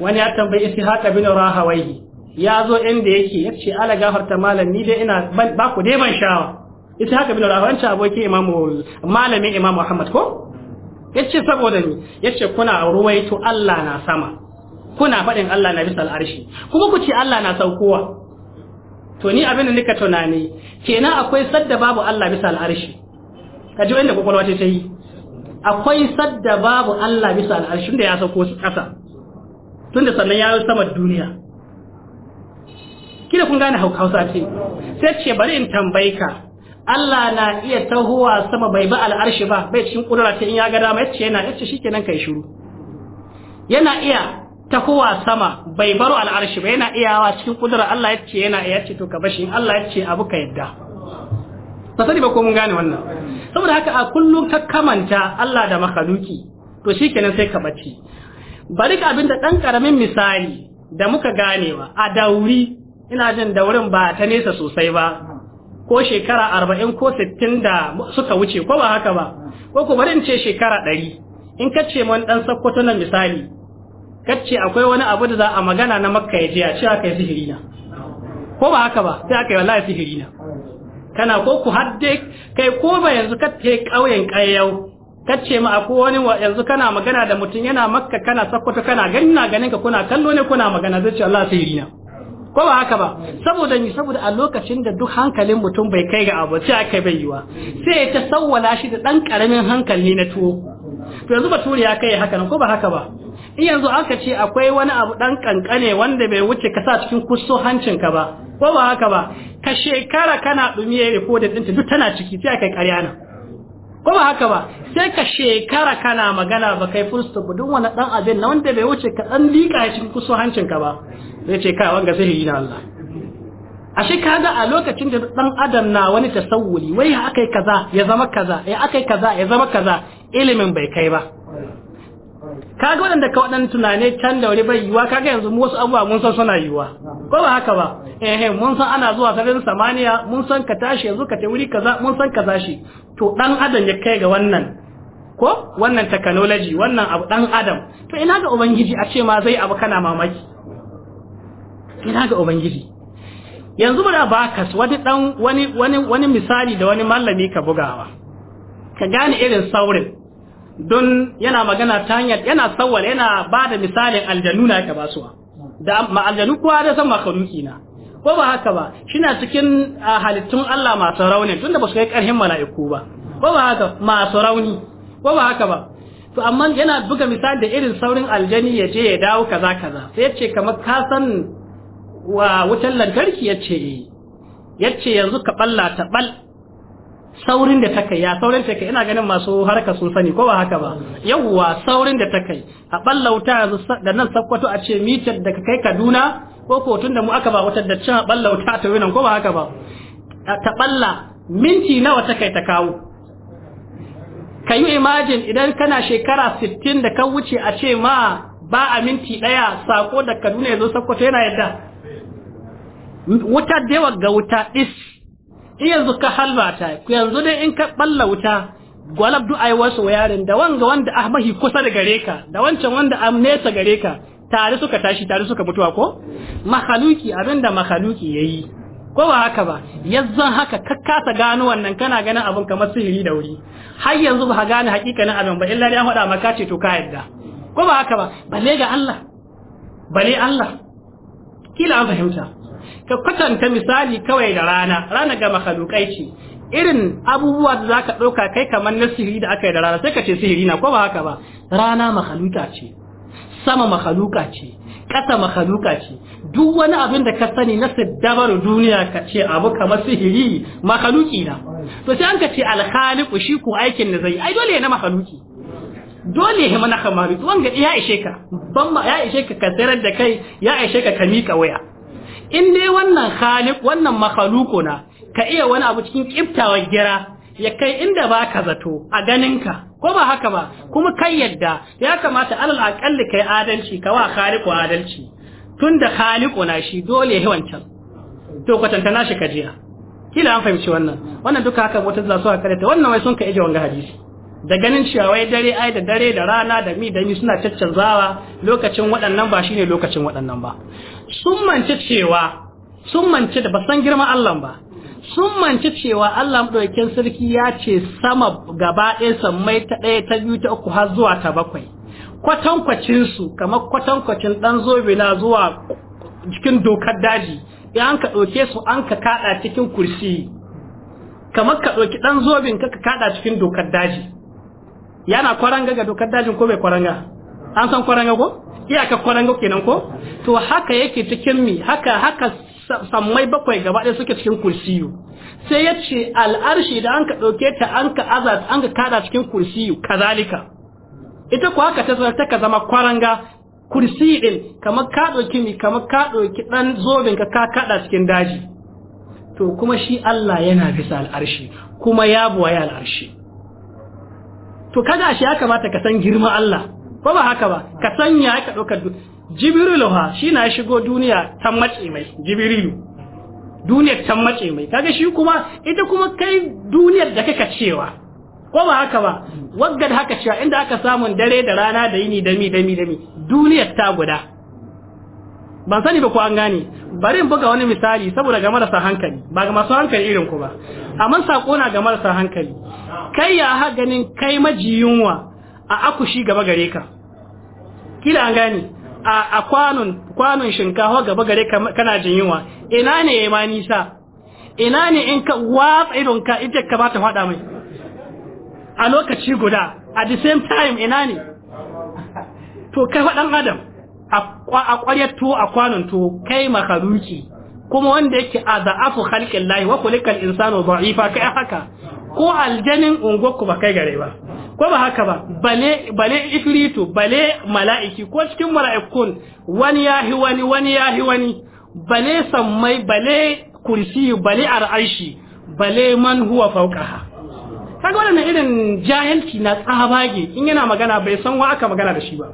wani ya tambayi haka bin rahawai ya zo inda yake ya ce ala gafarta malam ni dai ina ba ku dai ban shawa haka bin rahawayhi aboki imamu malami imam Muhammad ko ce saboda ni ce kuna ruwaito Allah na sama kuna faɗin Allah na bisa al'arshi kuma ku ce Allah na saukowa to ni abin da nika tunani kenan akwai sadda babu Allah bisa al'arshi ka ji wanda kwakwalwa ta yi akwai sadda babu Allah bisa al'arshi da ya sauko su ƙasa tun da sannan ya yi sama duniya kila kun gane hausa ce sai ce bari in tambayi ka Allah na iya tahowa sama bai ba al'arshi ba bai cikin kudura ta in ya ga dama yace yana yace shikenan kai shiru yana iya tahowa sama bai baro al'arshi ba yana iyawa cikin kudura Allah ya ce yana iya ce to ka bashi in Allah ya ce abu ka yadda ba sani ba ko mun gane wannan saboda haka a kullum ka kamanta Allah da makaluki to shikenan sai ka bace bari ka abinda ɗan karamin misali da muka ganewa a dauri ina jin daurin ba ta nesa sosai ba ko shekara arba'in ko sittin da suka wuce ko ba haka ba ko ku bari in ce shekara ɗari in ka ce mun ɗan sakkwato na misali kacce akwai wani abu da za a magana na makka ya je a ce aka yi sihiri na ko ba haka ba sai aka yi wallahi sihiri na kana ko ku hadde kai ko ba yanzu ce kauyen kayyau kacce ma akwai wani yanzu kana magana da mutum yana makka kana sakkwato kana ganin na ganin ka kuna kallo ne kuna magana zai ce wallahi sihiri na ko ba haka ba saboda ni saboda a lokacin da duk hankalin mutum bai kai ga abu sai aka bai yiwa sai ya tasawwala shi da dan karamin hankali na tuwo to yanzu bature ya kai haka nan ko ba haka ba in yanzu aka ce akwai wani abu dan kankane wanda bai wuce ka sa cikin kusso hancinka ba ko ba haka ba ka shekara kana dumiye recorded ɗinta duk tana ciki sai kai ƙarya na ko ba haka ba sai ka shekara kana magana ba kai full stop duk wani dan abin na wanda bai wuce ka dan lika cikin kusso hancinka ba zai ce kai wanga yi na Allah A kaga a lokacin da dan adam na wani tasawuli wai akai kaza ya zama kaza ya akai kaza ya zama kaza ilimin bai kai ba kaga waɗanda ka wadanda tunane can da wuri bai yiwa kaga yanzu wasu abubuwa mun san suna yiwa ko ba haka ba eh mun san ana zuwa sarin samaniya mun san ka tashi yanzu ka ta wuri kaza mun san ka zashi to dan adam ya kai ga wannan ko wannan technology wannan abu dan adam to ina ga ubangiji a ce ma zai abu kana mamaki ina ga ubangiji yanzu bara bakas wani dan wani wani wani misali da wani mallami ka bugawa ka gane irin saurin don yana magana ta hanyar yana sawwala yana ba da misalin aljanu na yake basuwa da ma aljanu kowa da san makaruki na ko ba haka ba shina cikin ah, halittun Allah masu rauni tunda ba su kai karhin mala'iku ba ko ba haka masu rauni ko ba haka ba to amma yana buga misali da irin saurin aljani ya je ya dawo kaza kaza sai ya ce kamar ka san wa wutar lantarki ya ce ya ce yanzu ka balla ta bal saurin da ta kai ya saurin ta kai ina ganin masu harka sun sani ko ba haka ba yawwa saurin da ta kai a ballauta da nan sakkwato a ce mitar da ka kai kaduna ko ko tun da mu aka ba wutar da cin a ballauta ta wunan ko ba haka ba ta balla minti nawa ta kai ta kawo ka yi imagine idan kana shekara 60 da ka wuce a ce ma ba a minti daya sako da kaduna ya zo sakkwato yana yadda Wutar da yawa ga wuta is yanzu ka halbata yanzu dai in ka balla wuta gwalab du ai wasu yarin da wanga wanda ahmahi kusa da gare ka da wancan wanda am nesa gare ka tare suka tashi tare suka mutuwa ko mahaluki abinda mahaluki yayi ko ba haka ba yanzan haka kakkasa gano wannan kana ganin abin kamar sihiri da wuri har yanzu ba gane hakikanin abin ba illa dai an faɗa maka ce to ka yadda ko ba haka ba balle ga Allah balle Allah kila an fahimta ka kwatanta misali kawai da rana rana ga makhlukai ce irin abubuwa da zaka dauka kai kamar na sihiri da aka yi da rana sai ka ce sihiri na ko ba haka ba rana mahaluka ce sama mahaluka ce ƙasa mahaluka ce duk wani abin da ka sani na sadabar duniya ka ce abu kamar sihiri mahaluki na to sai an ka ce alhaliku shi ko aikin da zai ai dole ne mahaluki? dole ya mana kamaru wanga ya ishe ka ban ya ishe ka ka da kai ya ishe ka ka mika waya in dai wannan khaliq wannan makhluko na ka iya wani abu cikin kiftawar gira ya kai inda ba ka zato a ganinka ko ba haka ba kuma kai yadda ya kamata alal aƙalli kai adalci ka wa khaliqu adalci tunda khaliqu na shi dole ya wancan to kwatanta nashi kajiya kila an fahimci wannan wannan duka haka wata zasu a ta, wannan wai sun ka ije wanga hadisi da ganin cewa wai dare ai da dare da rana da mi da mi suna caccanzawa lokacin waɗannan ba shine lokacin waɗannan ba sun manci cewa sun manci da ba san girman Allah ba sun manci cewa Allah madaukakin sarki ya ce sama gaba ɗaya sammai ta ɗaya ta biyu ta uku har zuwa ta bakwai kwatankwacin su kamar kwatankwacin dan zobe na zuwa cikin dokar daji in an ka ɗauke su an ka kaɗa cikin kursi kamar ka ɗauki ɗan zobin ka kaɗa cikin dokar daji yana kwaranga ga dokar dajin ko bai kwaranga an san kwaranga ko iyaka kwaranga kenan ko to haka yake cikin mi haka haka sammai bakwai gaba ɗaya suke cikin kursiyu sai ya ce al'arshi da an ka ɗauke ta an ka azat an ka kada cikin kursiyu kazalika ita ko haka ta ta ka zama kwaranga kursi ɗin kamar ka ɗauki mi kamar ka ɗauki ɗan zobin ka ka kada cikin daji to kuma shi Allah yana bisa al'arshi kuma ya buwaye al'arshi to kaga shi ya kamata ka san girma Allah ko ba haka ba ka sanya ka ɗaukar jibrilu ha shi na shigo duniya ta mace mai jibrilu duniyar ta mace mai kaga shi kuma ita kuma kai duniyar da kaka cewa ko ba haka ba wadda haka cewa inda aka samu dare da rana da yini dami dami dami duniyar ta guda ban sani ba ko an gane bari in buga wani misali saboda ga marasa hankali ba ga masu hankali irin ku ba amma sako na ga marasa hankali kai ya ha ganin kai majiyunwa a akushi gaba gare ka kila an gani a kwanon kwanon shinkafa gaba gare ka kana jin yunwa ina ne ya ma nisa ina ne in ka watsa idon ka ita ka bata faɗa mai a lokaci guda at the same time ina ne [laughs] to kai faɗan adam a ƙwaryar tuwo a kwanon tuwo kai makaruki kuma wanda yake a za'afu halƙin lahi wa kulikal insano ba'ifa kai haka ko aljanin unguwarku ba kai gare ba ko ba haka ba bale bale ifritu bale mala'iki ko cikin mala'ikun wani yahi wani wani yahi wani bale sammai bale kursi bale arashi bale man huwa fawqaha kaga wannan irin jahilci na tsabage in yana magana bai san wa aka magana da shi ba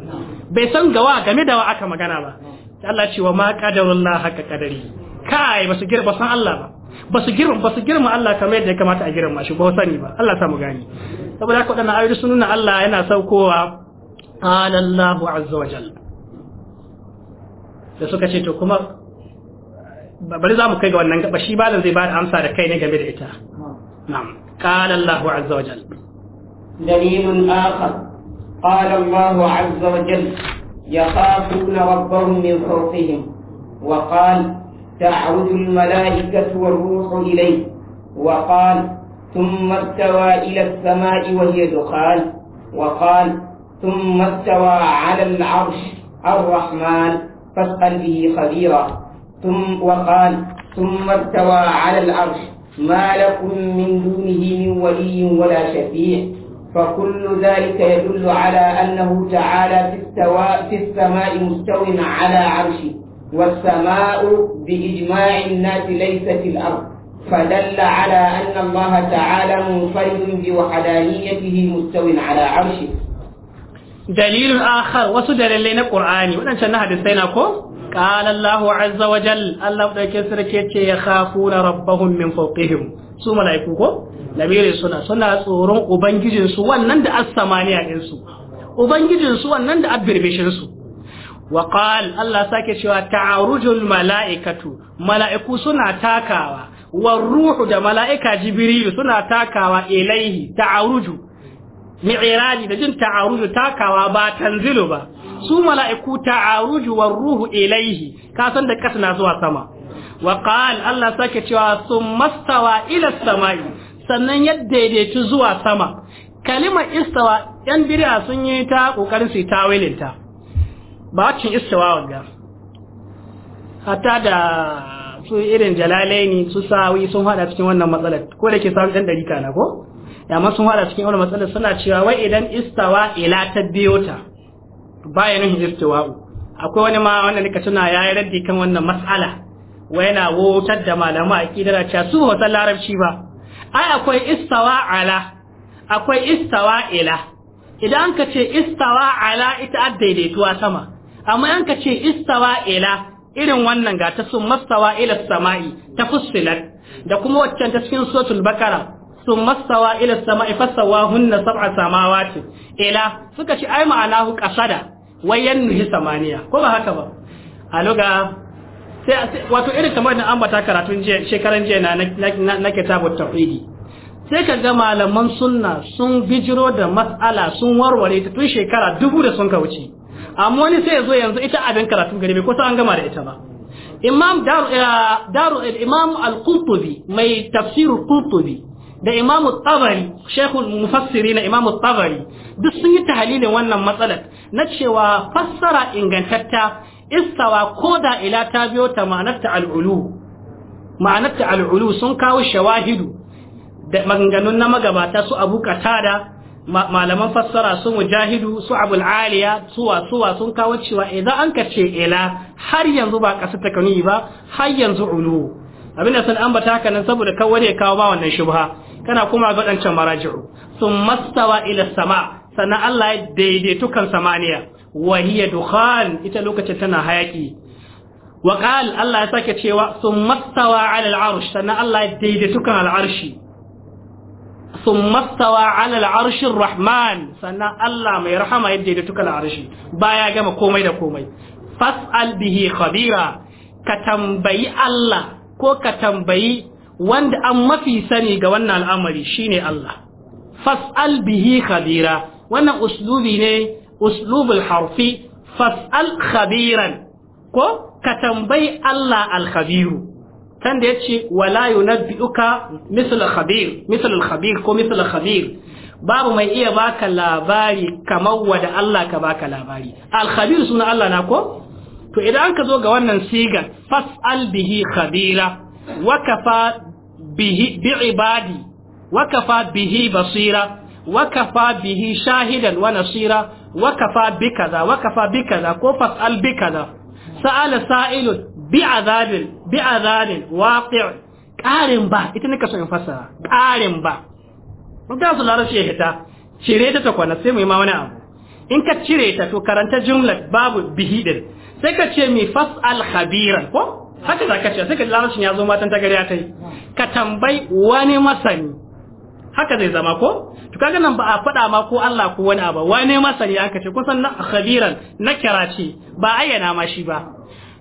bai san gawa game da wa aka magana ba Allah ce wa ma qadarullah haka kadari kai basu girma san Allah ba basu girma basu girma Allah kamar yadda ya kamata a girma shi ba sani ba Allah samu gani saboda haka wadannan ayoyi sun nuna Allah yana saukowa qala Allahu azza wa jalla da suka ce to kuma bari za mu kai ga wannan gaba shi malam zai ba da amsa da kai ne game da ita na'am qala Allahu azza wa jalla دليل آخر قال الله عز وجل يخافون ربهم من خوفهم وقال تعود الملائكة والروح إليه وقال ثم استوى إلى السماء وهي دخان وقال ثم استوى على العرش الرحمن فاسأل به خبيرا ثم وقال ثم استوى على العرش ما لكم من دونه من ولي ولا شفيع فكل ذلك يدل على أنه تعالى في, في السماء مستو على عرشه والسماء بإجماع الناس ليست الأرض فدل على أن الله تعالى منفرد بوحدانيته مستو على عرشه دليل آخر وسدل لنا قرآني ولن شنها دستيناكو قال الله عز وجل الله تكسر كيتشي يخافون ربهم من فوقهم su mala'iku ko labirin suna suna tsoron ubangijinsu wannan da as samaniya ɗinsu ubangijinsu wannan da abirbishinsu wa qal Allah sake cewa ta'arujul mala'ikatu mala'iku suna takawa war ruhu da mala'ika jibrilu suna takawa ilaihi ta'aruju mi'raji da jin ta'aruju takawa ba tanzilu ba su mala'iku ta'aruju war ruhu ilaihi kasan da kasa na zuwa sama wa qal Allah sake cewa summastawa ila samai sannan ya daidaitu zuwa sama kalimar istawa yan bid'a sun yi ta kokarin su tawilinta ba cin istawa wagga hatta da su irin jalalaini su sawi sun hada cikin wannan matsalar ko da ke samun dan dari kana ko ya sun hada cikin wannan matsalar suna cewa wai idan istawa ila ta biyo ta bayan nuhin istawa akwai wani ma wanda nika tuna ya yi raddi kan wannan matsala, wai yana wutar da malama a kidara cewa su ba san larabci ba ai akwai istawa ala akwai istawa ila idan ka ce istawa ala ita daidaituwa sama amma an ka ce istawa ila irin wannan ga ta sun mastawa ila sama'i ta fusila da kuma waccan ta cikin suratul bakara sun mastawa ila sama'i fasawa hunna sab'a samawati ila suka ce ai ma'anahu qasada wayan nuhi samaniya ko ba haka ba a sai wato irin kamar da ambata karatun jiya shekaran jiya na na kitabut tauhidi sai ka ga malaman sunna sun bijiro da matsala sun warware ta tun shekara dubu da sun ka wuce amma wani sai ya yanzu ita abin karatu gari mai kusa an gama da ita ba imam daru eh, eh, imam al-qurtubi mai tafsirul qurtubi da imam tabari shekul mufassiri na imam tabari duk sun yi tahalilin wannan matsalar na cewa fassara ingantatta istawa ko da ila ta biyo ta ma'anarta al'ulu ma'anarta sun kawo shawahidu da maganganun na magabata su abu katada malaman fassara sun mujahidu su abul aliya suwa suwa sun kawo cewa idan an ka ce ila har yanzu ba kasu kanuni ba har yanzu ulu abinda sun ambata haka nan saboda kawai ya kawo ba wannan shubha kana kuma ga wadancan maraji'u sun mastawa ila sama sannan Allah ya daidaitu kan samaniya wa hiya dukhan ita lokacin tana hayaki wa qal Allah ya sake cewa sun mastawa ala al-arsh sannan Allah ya daidaitu kan al-arshi sun mastawa alal arshin rahman sannan Allah mai rahama yadda ya tuka arshi baya gama komai da komai fas'al bihi khabira ka tambayi Allah ko ka tambayi wanda an mafi sani ga wannan al'amari shine Allah fas'al bihi khabira wannan uslubi ne uslubul harfi fas'al khabiran ko ka tambayi Allah al-khabiru can da ce wala yunabbiuka misl khabir misl khabir ko misl khabir babu mai iya baka labari kamar wada Allah ka baka labari al khabir suna Allah na ko to idan ka zo ga wannan sigar fas'al bihi khabira wa kafa bihi bi ibadi wa kafa bihi basira wa kafa bihi shahidan wa nasira wa kafa bi kaza wa kafa bi kaza ko fas'al bi kaza sa'ala sa'ilun bi azabin bi azabin waqi' ƙarin ba ita nika so in fasara. ƙarin ba mutum su larabci ya hita cire ta takwana sai mu yi ma wani abu in ka cire ta to karanta jumlar babu bihi din sai ka ce mi fas'al khabiran ko haka za ka ce sai ka larabcin ya zo matan ta gari ta yi ka tambayi wani masani haka zai zama ko to kaga nan ba a faɗa ma ko Allah ko wani abu wani masani aka ce kusan na khabiran na kiraci ba ayyana ma shi ba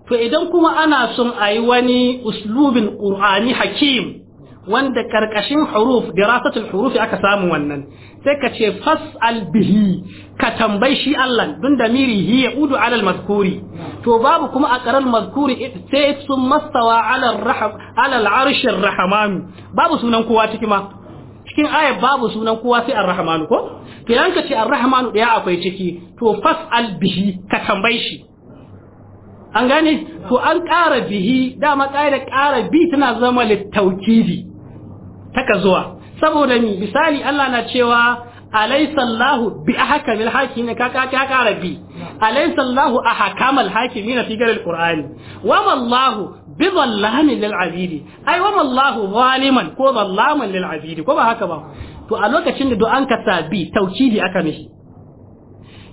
to idan kuma ana son a yi wani uslubin ƙur'ani hakim wanda ƙarƙashin huruf dirasatul hurufi aka samu wannan sai ka ce fas'al bihi ka tambayi shi Allah dun da miri hi ya udu alal mazkuri to babu kuma a karar mazkuri sai sun mastawa alal rahab alal arshir rahman babu sunan kowa ma cikin ayar babu sunan kowa sai ar-rahman ko kiran ka ce ar-rahman da akwai ciki to fas'al bihi ka tambayi shi an gane to an ƙara bihi dama ƙa'idar ƙara bi tana zama littaukidi taka zuwa saboda misali Allah na cewa alaysa Allah bi ahkamil hakimin ka ka ka ƙara bi alaysa Allah ahkamal hakimin fi garin Qur'ani wa wallahu bi zallamin lil abidi ai wa wallahu zaliman ko zallaman lil abidi ko ba haka ba to a lokacin da do an ka sabi taukidi aka mishi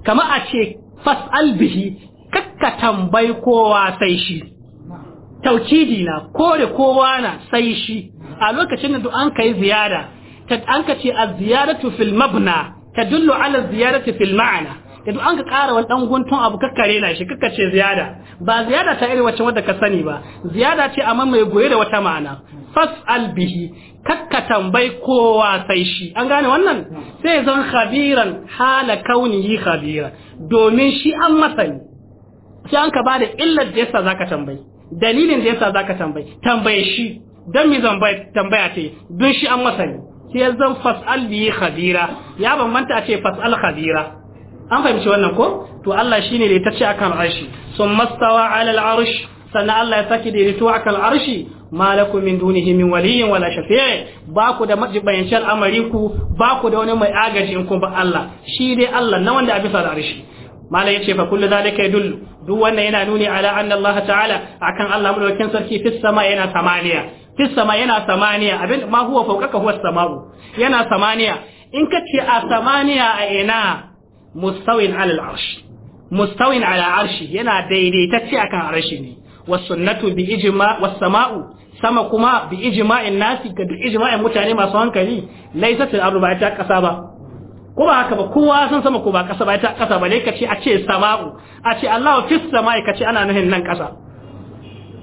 kama a ce fas'al bihi Ka tambayi kowa sai shi Taukidi na kore kowa na sai shi a lokacin da an kai ziyara an ka ce a ziyaratu fil mabna dullo ala ziyarati fil ma'ana da an ka ƙara wani ɗan guntun abu kakkare na shi ce ziyara. ba ziyara ta irin wacce wadda ka sani ba Ziyara ce amma mai goye da wata ma'ana fas'al bihi kakka tambayi kowa sai shi an gane wannan sai zan khabiran hala kaunihi khabira domin shi an masani sai an ka ba da illar da yasa ka tambayi dalilin da yasa zaka tambayi tambaye shi don mi zan tambaya ce don shi an masani sai ya zan fas'al bi khabira ya bambanta a ce fas'al khabira an fahimci wannan ko to Allah shine ne ya tace akan arshi sun mastawa alal arsh sannan Allah ya saki daidaito akan arshi malakum min dunihi min waliyyin wala shafi'i ba ku da majibayancin al'amari ku ba ku da wani mai agaji in kun ba Allah shi dai Allah na wanda a bisa da arshi malai yace fa kullu zalika yadullu duk wannan yana nuni ala anna Allah ta'ala akan Allah madaukakin sarki fis sama yana samaniya fis sama yana samaniya abin ma huwa fawqaka huwa samau yana samaniya in ka ce a samaniya a ina mustawin ala arshi mustawin ala arshi yana daidaitacce akan arshi ne was sunnatu bi ijma was samau sama kuma bi ijma'in nasi ga bi ijma'in mutane masu hankali laysat al-ardu ba ta kasa ba ko ba haka ba kowa san sama ko ba kasa ba ita kasa ba ne ka ce a ce sama'u a ce Allahu fis sama'i ka ana nuhin nan kasa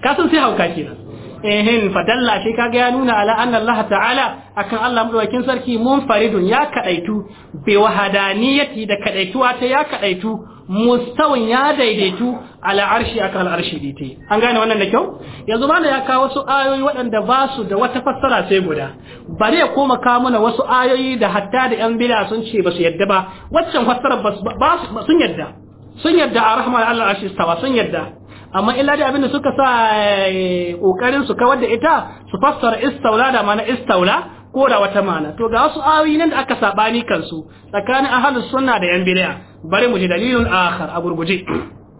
ka san sai hauka kenan ehin fadalla shi kaga ya nuna ala anna Allah ta'ala akan Allah mudawakin sarki munfaridun ya kadaitu bi wahadaniyati da kadaituwa ta ya kadaitu mustawin ya daidaitu ala arshi akan arshi dite an gane wannan da kyau yanzu mana ya kawo wasu ayoyi waɗanda ba su da wata fassara sai guda bari ya koma kawo mana wasu ayoyi da hatta da yan bida sun ce ba su yadda ba waccan fassarar ba sun yadda sun yadda a rahmar Allah arshi stawa sun yadda amma illa dai abinda suka sa kokarin eh, su kawar da ita su fassara istaula da mana istaula ko da wata ma'ana to ga wasu ayoyi nan da aka sabani kansu tsakanin ahlus sunna da yan bid'a mu ji dalilun akhar a gurguje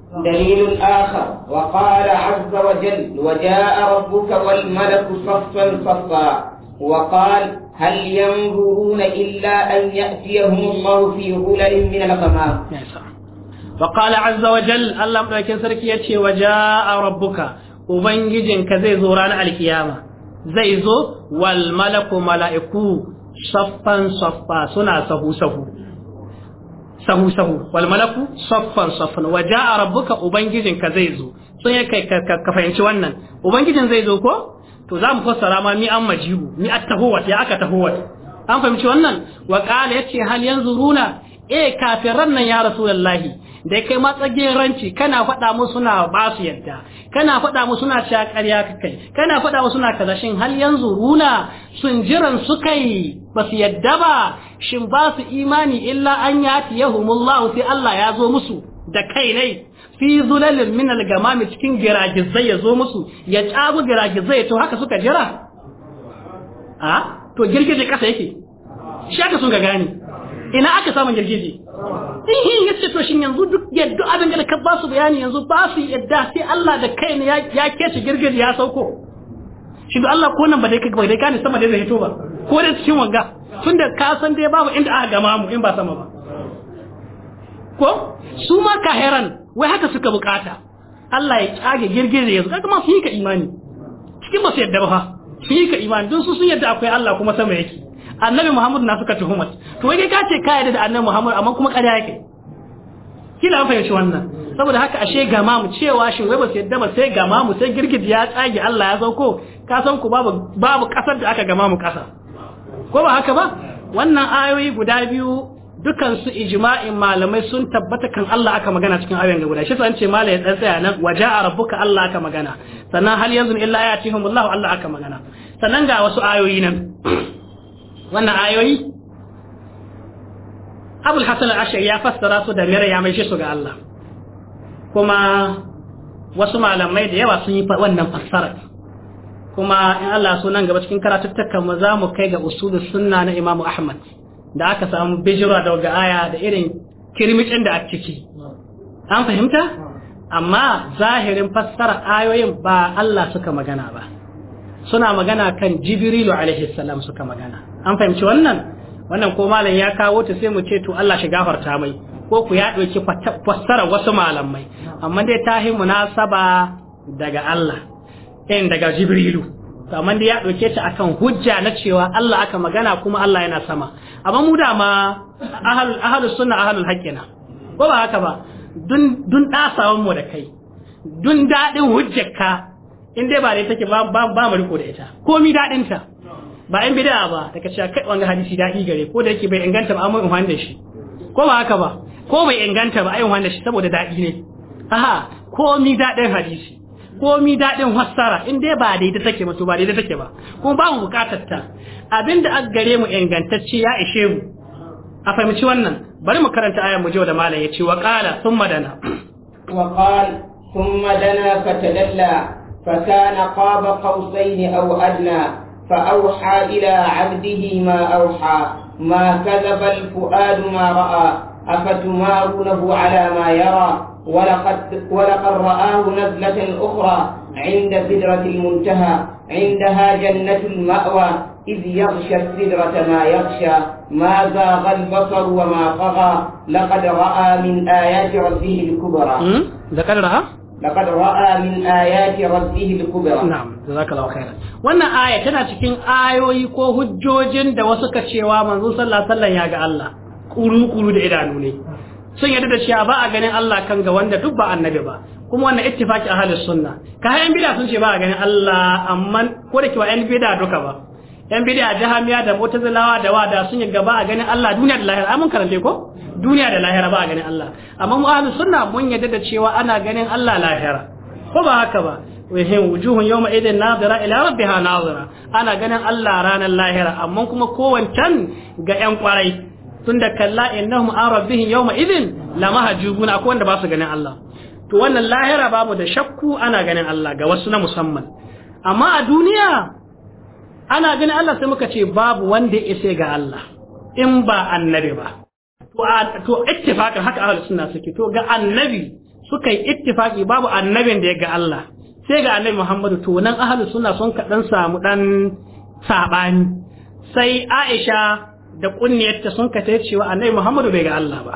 دليل آخر وقال عز وجل وجاء ربك والملك صفا صفا وقال هل ينظرون إلا أن يأتيهم الله في غلل من الغمام وقال عز وجل الله ملكين سركي وجاء ربك وبنجين كزي زوران على القيامة zai zo wal malaku mala'iku saffan saffa suna sahu sahu sahu sahu wal malaku saffan saffan wa ja'a rabbuka ubangijinka zai zo sun yi ka fahimci wannan ubangijin zai zo ko to za mu fassara ma mi an majibu mi attahowat ya aka tahowat an fahimci wannan wa qala yace hal yanzuruna eh kafiran nan ya rasulullahi da kai matsagin ranci kana faɗa musu suna ba su yadda kana faɗa musu suna cewa ƙarya kai kana faɗa musu suna kaza shin hal yanzu runa sun jiran su kai ba su yadda ba shin ba su imani illa an ya yatiyahumullahu sai Allah ya zo musu da kai ne fi zulalin min al gamam cikin giragizai ya zo musu ya tsago giragizai to haka suka jira a ah, to girgije kasa yake shi haka sun ga gani ina aka samun girgije ihin yace to shin yanzu duk yadda abin da ka ba su bayani yanzu ba su yadda sai Allah da kai ne ya kece girgije ya sauko shi da Allah ko nan ba dai ba dai gane sama dai zai hito ba ko da cikin wanga tun da ka san dai babu inda aka gama mu in ba sama ba ko su ma ka heran wai haka suka bukata Allah ya kage girgije yanzu kaga ma su yi ka imani cikin ba su yadda ba fa su yi ka imani don su sun yadda akwai Allah kuma sama yake annabi Muhammadu na suka tuhumar to wai ka ce ka yarda da annabi Muhammadu amma kuma ƙarya yake kila an fahimci wannan saboda haka ashe gama mu cewa shin wai ba su yadda ba sai gama mu sai girgid ya tsage Allah ya sauko ka san ku babu babu kasar da aka gama mu kasa ko ba haka ba wannan ayoyi guda biyu dukan su ijma'in malamai sun tabbata kan Allah aka magana cikin ayoyin guda shi an ce malai ya tsaya nan waja'a rabbuka Allah aka magana sannan hal yanzu illa ayatihum Allah Allah aka magana sannan ga wasu ayoyi nan wannan ayoyi abul hassan al ya fassara su da mira ya mai shi su ga Allah kuma wasu malamai da yawa sun yi wannan fassara kuma in Allah su nan gaba cikin karatuttukan mu za mu kai ga usulun sunna na Imam Ahmad da aka samu bijira da ga aya da irin kirmicin da a ciki an fahimta amma zahirin fassara ayoyin ba Allah suka magana ba suna magana kan Jibrilu alaihi salam suka magana an fahimci wannan wannan ko malam ya kawo ta sai mu ce to Allah shi gafarta mai ko ku ya dauki fassara wasu malamai amma dai ta munasaba daga Allah in daga Jibrilu to amma dai ya dauke ta akan hujja na cewa Allah aka magana kuma Allah yana sama amma mu da ma ahlul ahlus sunna ahlul haqqina ko ba haka ba dun dun dasawan mu da kai dun dadin hujjarka in dai ba dai take ba ba mu riko da ita komi dadin ta ba in bid'a ba daga cewa kai wanga hadisi daɗi gare ko da yake bai inganta ba amma in da shi ko ba haka ba ko bai inganta ba ai in da shi saboda daɗi ne aha ko mi daɗin hadisi ko mi daɗin fassara in dai ba dai ta take ba dai da take ba kuma ba mu bukatar ta abinda an gare mu ingantacce ya ishe mu a fahimci wannan bari mu karanta ayan mu jiya da malam ce wa qala thumma dana [clears throat] wa qala thumma dana fatadalla fa kana qaba qausaini aw adna فأوحى إلى عبده ما أوحى ما كذب الفؤاد ما رأى أفتمارونه على ما يرى ولقد, ولقد رآه نزلة أخرى عند سدرة المنتهى عندها جنة المأوى إذ يغشى السدرة ما يغشى ما زاغ البصر وما طغى لقد رأى من آيات ربه الكبرى ذكرها لقد رأى من آيات ربه الكبرى نعم جزاك الله خيرا wannan aya tana cikin ayoyi ko hujjojin da wasu ka cewa manzo sallallahu alaihi wasallam ya ga Allah kuru kuru da idanu ne sun yadda da shi ba a ganin Allah kan ga wanda duk ba annabi ba kuma wannan ittifaki ahlus sunna ka hayan bid'a sun ce ba a ganin Allah amma ko da kiwa yan bid'a duka ba yan bid'a jahamiya da mu'tazilawa da wada sun yi gaba a ganin Allah duniya da lahira mun karante ko duniya da lahira ba a ganin Allah amma mu ahlus sunna mun yadda da cewa ana ganin Allah lahira ko ba haka ba wajen wujuhun yawma idin nazara ila rabbiha nazara. ana ganin Allah ranar lahira amma kuma kowancan ga yan kwarai tunda kalla innahum an rabbihim yawma idin lamahjubuna ko wanda ba su ganin Allah to wannan lahira babu da shakku ana ganin Allah ga wasu na musamman amma a duniya ana ganin Allah sai muka ce babu wanda ya ishe ga Allah in ba annabi ba to to haka ahlus sunna suke to ga annabi suka yi ittifaqi babu annabin da ya ga Allah sai ga annabi Muhammadu to nan ahlus sunna sun ka dan samu dan sabani sai Aisha da kunniyarta sun ka tace cewa annabi Muhammadu bai ga Allah ba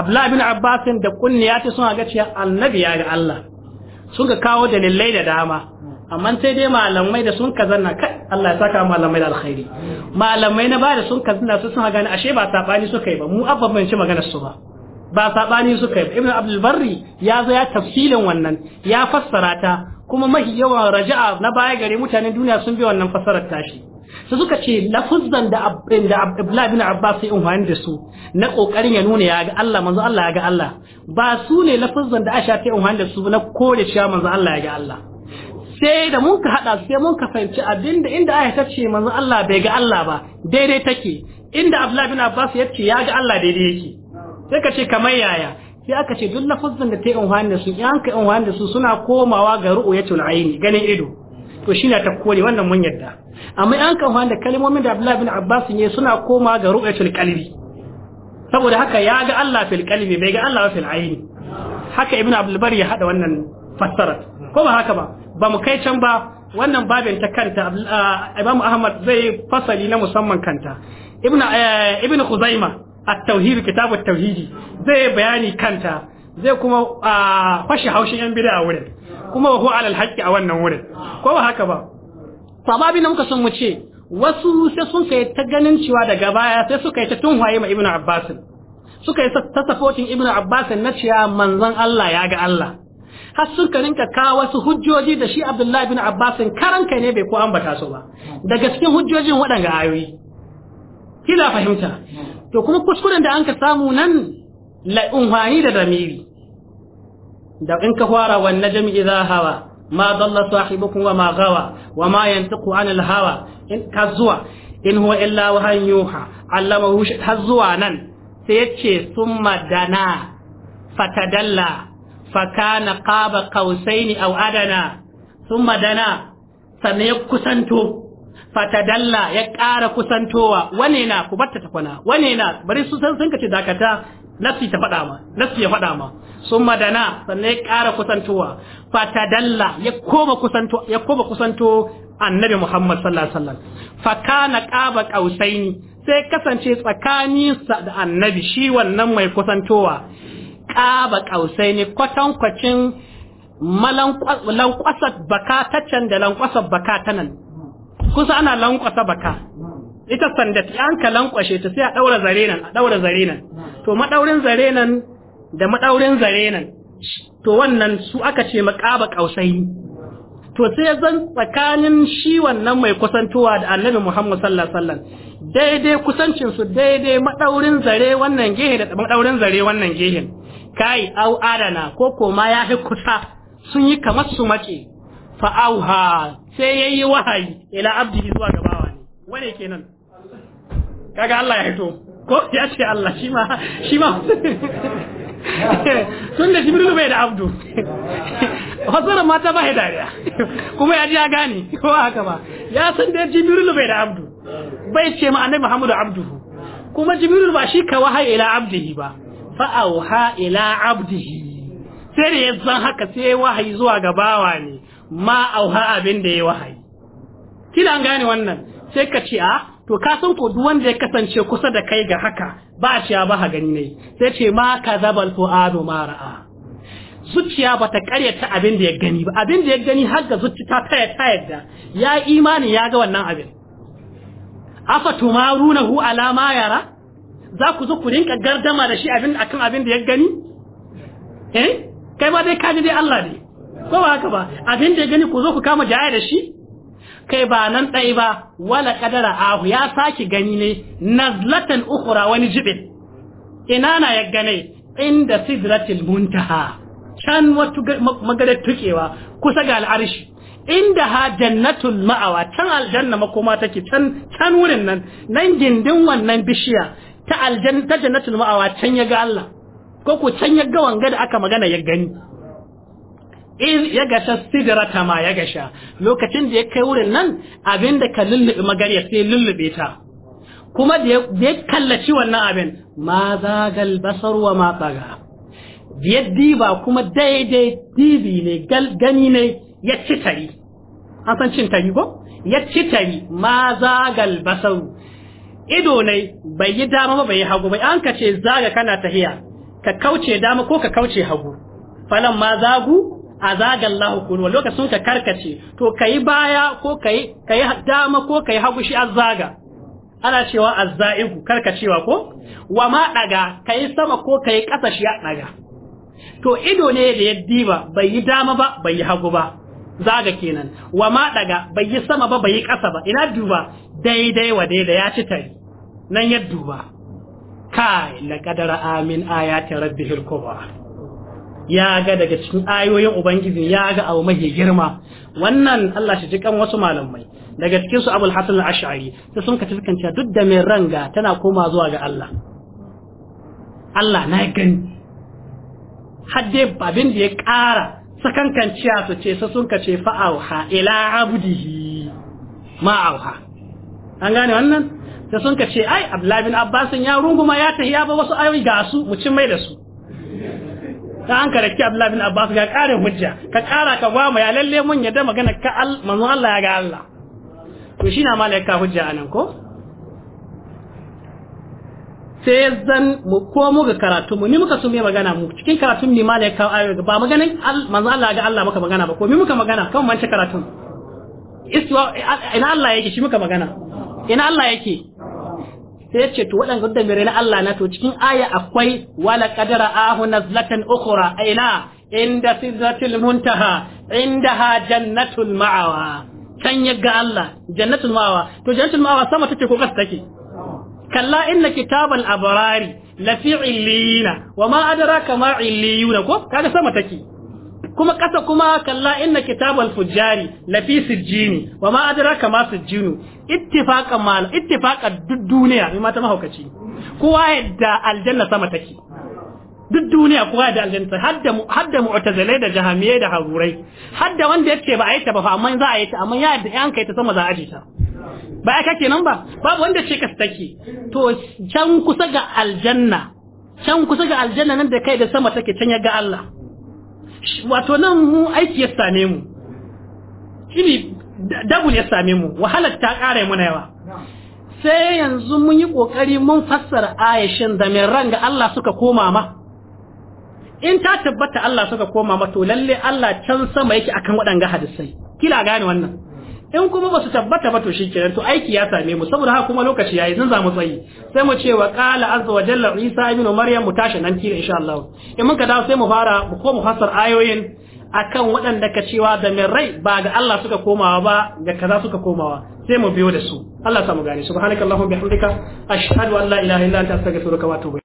Abdullah bin Abbas da kunniyarta sun ga cewa annabi ya ga Allah sun ka kawo dalilai da dama amma sai dai malamai da sun kazanna kai Allah ya saka malamai da alkhairi malamai na bada sun kazanna su sun gane ashe ba sabani suka yi ba mu abban ban ci maganar su ba ba sabani suka yi ibnu abdul barri ya zo ya tafsilin wannan ya fassara ta kuma mahi yawan raja'a na baya gare mutanen duniya sun bi wannan fassarar tashi su suka ce lafuzzan da abin da Abdullahi bin Abbas sai umman da su na kokarin ya nuna ya ga Allah manzo Allah ya ga Allah ba su ne lafuzzan da Aisha ta umman da su na kore cewa manzo Allah ya ga Allah sai da mun ka haɗa su sai mun ka fahimci abinda inda aya ta ce manzo Allah bai ga Allah ba daidai take inda Abdullahi bin Abbas ya ce ya ga Allah daidai yake sai ka ce kamar yaya sai aka ce duk lafazzan da ta yi unhani da su in an ka unhani da su suna komawa ga ru'u ya tuna aini ganin ido to shi na ta kore wannan mun yadda amma in an ka unhani da kalmomin da Abdullahi bin Abbas ne suna komawa ga ru'u ya tuna kalbi saboda haka ya ga Allah fil kalbi bai ga Allah fil aini haka ibnu abdul bari ya hada wannan Fassara ko ba haka ba ba mu kai can ba wannan babin ta kanta Imam Ahmad zai yi fasali na musamman kanta Ibn Ibn Khuzaima at-tauhid Tauhidi at-tauhid zai bayani kanta zai kuma fashi haushin yan bid'a wurin kuma wa huwa alal haqqi a wannan wurin ko ba haka ba to babi na muka san mu ce wasu sai sun kai ta ganin cewa daga baya sai suka yi ta tunwaye ma Ibn Abbas suka yi ta supporting Ibn Abbas na cewa manzon Allah ya ga Allah har sun ka kawo wasu hujjoji da shi Abdullahi bin Abbas karanka ne bai ko ambata su ba daga cikin hujjojin waɗanda ayoyi kila fahimta to kuma kuskuren da an ka samu nan launhani da damiri da in ka fara wan najmi idha hawa ma dalla sahibukum wa ma gawa wa ma yantiqu anil hawa in ka zuwa in huwa illa wahan yuha allama har zuwa nan sai yace summa dana fatadalla fakana qaba qausaini aw adana thumma dana sannan ya kusanto fatadalla ya ƙara kusantowa wane na ku batta ta kwana wane na bari su san sun kace dakata nafsi ta faɗa ma nafsi ya faɗa ma sun madana sannan ya ƙara kusantowa fatadalla ya koma kusanto ya koma kusanto annabi Muhammad sallallahu alaihi wasallam fa kana qaba qausaini sai kasance tsakaninsa da annabi shi wannan mai kusantowa ƙaba ƙausai ne kwatankwacin lankwasar baka ta can da lankwasar baka ta nan kusa ana lankwasa baka ita sanda ta yanka lankwashe ta sai a ɗaura zare nan a ɗaura zare nan to maɗaurin zare nan da maɗaurin zare nan to wannan su aka ce maƙaba ƙausai to sai zan tsakanin shi wannan mai kusantowa da annabi muhammad sallallahu alaihi wasallam daidai kusancinsu daidai maɗaurin zare wannan gehe da maɗaurin zare wannan gehen kai au adana ko koma ya fi kusa sun yi kamar su mace fa auha sai ya yi wahayi ila abdi zuwa ga bawa ne wane ke nan kaga Allah ya hito ko ya ce Allah shi ma shi ma sun [laughs] da jibrilu bai da abdu hasarar [laughs] mata ba ya dariya [laughs] kuma ya ji ya gane ko haka ba ya san da jibrilu bai da abdu bai ce ma annabi muhammadu abdu kuma jibrilu ba shi ka wahayi ila abdihi ba fa'auha ila abdihi sai da ya zan haka sai wahayi zuwa ga bawa ne ma auha abin da ya wahayi kidan gane wannan sai ka ce a to ka san ko duk wanda ya kasance kusa da kai ga haka ba shi ba ha gani ne sai ce ma ka kazabal fuadu ma ra'a zuciya bata karyata abin da ya gani ba abin da ya gani har ga zuciya ta taya ta yadda ya imani ya ga wannan abin afa tumarunahu ala ma yara za ku zo ku rinka gardama da shi abin akan abin da ya gani eh kai ba dai kaji dai Allah ne ko ba haka ba abin da ya gani ku zo ku kama jaya da shi kai ba nan ɗai ba wala kadara ahu ya saki gani ne nazlatan ukhra wani jibin ina na ya gane inda sidratil muntaha can wata magadar tukewa kusa ga al'arshi inda ha jannatul ma'awa can aljanna makoma take can can wurin nan nan gindin wannan bishiya ta aljan ta jannatul ma'awa can ya ga Allah ko ku can ya ga wanga da aka magana ya gani in ya ga gasha sidrata ma ya gasha lokacin da ya kai wurin nan abinda ka lullube magariya sai lullube ta kuma da ya kallaci wannan abin ma zagal basar wa ma tsaga biya diba kuma daidai dibi ne gani ne ya ci tari an san cin tari ko ya ci tari ma zagal basar ido ne bai yi dama ba bai yi hagu bai an ka ce zaga kana tahiya ka kauce dama ko ka kauce hagu falan ma zagu a zaga Allah kunu lokacin ka karkace to kai baya ko kai kai dama ko kai hagu shi azzaga ana cewa azza'igu karkacewa ko wa ma daga kai sama ko kai kasa shi daga to ido ne da ya diba bai yi dama ba bai yi hagu ba zaga kenan wa ma daga bai yi sama ba bai yi kasa ba ina duba daidai wa daidai ya ci tari nan ya duba kai kadara amin ayati rabbihil kubra ya ga daga cikin ayoyin ubangijin ya ga abu mahi girma wannan Allah shi jikan wasu malamai daga cikin su Abul Hasan al-Ash'ari ta sun ka cikin cewa duk da mai ranga tana koma zuwa ga Allah Allah na gani hadde babin da ya ƙara sakankan ciya su ce sun ka ce fa'auha ila abdihi ma auha an gane wannan sai sun ka ce ai abdullahi bin abbasin ya runguma ya tahiya ba wasu ayoyi ga su mu cin mai da su ta an karaki abdullahi bin abbas ga karin hujja ka kara ka ba ya lalle mun ya da magana ka al manzo Allah ya ga Allah to shi na ka hujja anan ko sai zan mu ko mu ga karatu mu ni muka mai magana mu cikin karatun ni ka ayoyi ba maganin al manzo Allah ga Allah muka magana ba ko mi muka magana kan mance karatun istiwa ina Allah yake shi muka magana ina Allah yake sai ce to waɗanda da mere na Allah na to cikin aya akwai wala qadara ahu nazlatan ukhra aina inda sidratil muntaha indaha jannatul ma'awa kan yaga Allah jannatul ma'awa to jannatul ma'awa sama take ko kasa take kalla inna kitabal abrari lafi illina wa ma adraka ma ko kaga sama take kuma kasa kuma kalla inna kitabal fujjari lafi sijjini wa ma adraka ma sijjinu ittifaqan mal ittifaqan duk duniya mai mata mahaukaci kowa yadda aljanna sama take duk duniya kowa da aljanna hadda hadda mu'tazilai da jahamiyai da harurai hadda wanda yace ba a yi ta ba amma za a yi ta amma ya yadda an kai ta sama za a ji ta ba aka kenan ba babu wanda ce ka take to can kusa ga aljanna can kusa ga aljanna nan da kai da sama take can ya ga Allah wato nan mu aiki ya same mu shine dabul ya same mu wahalar ta ƙara na yawa sai yanzu mun yi ƙoƙari mun fassara ayashin da mai ranga Allah suka koma ma in ta tabbata Allah suka koma ma to lalle Allah can sama yake akan waɗanga hadisai kila gane wannan in kuma ba su tabbata ba to kenan to aiki ya same mu saboda haka kuma lokaci yayi zan zamu tsayi sai mu ce wa qala azza wa jalla isa ibn maryam mutashi nan tira insha Allah in muka dawo sai mu fara mu ko mu fassar ayoyin akan waɗanda ka cewa da min rai ba ga Allah suka komawa ba ga kaza suka komawa sai mu biyo da su Allah samu gane subhanakallahumma bihamdika ashhadu an la ilaha illa anta astaghfiruka wa atubu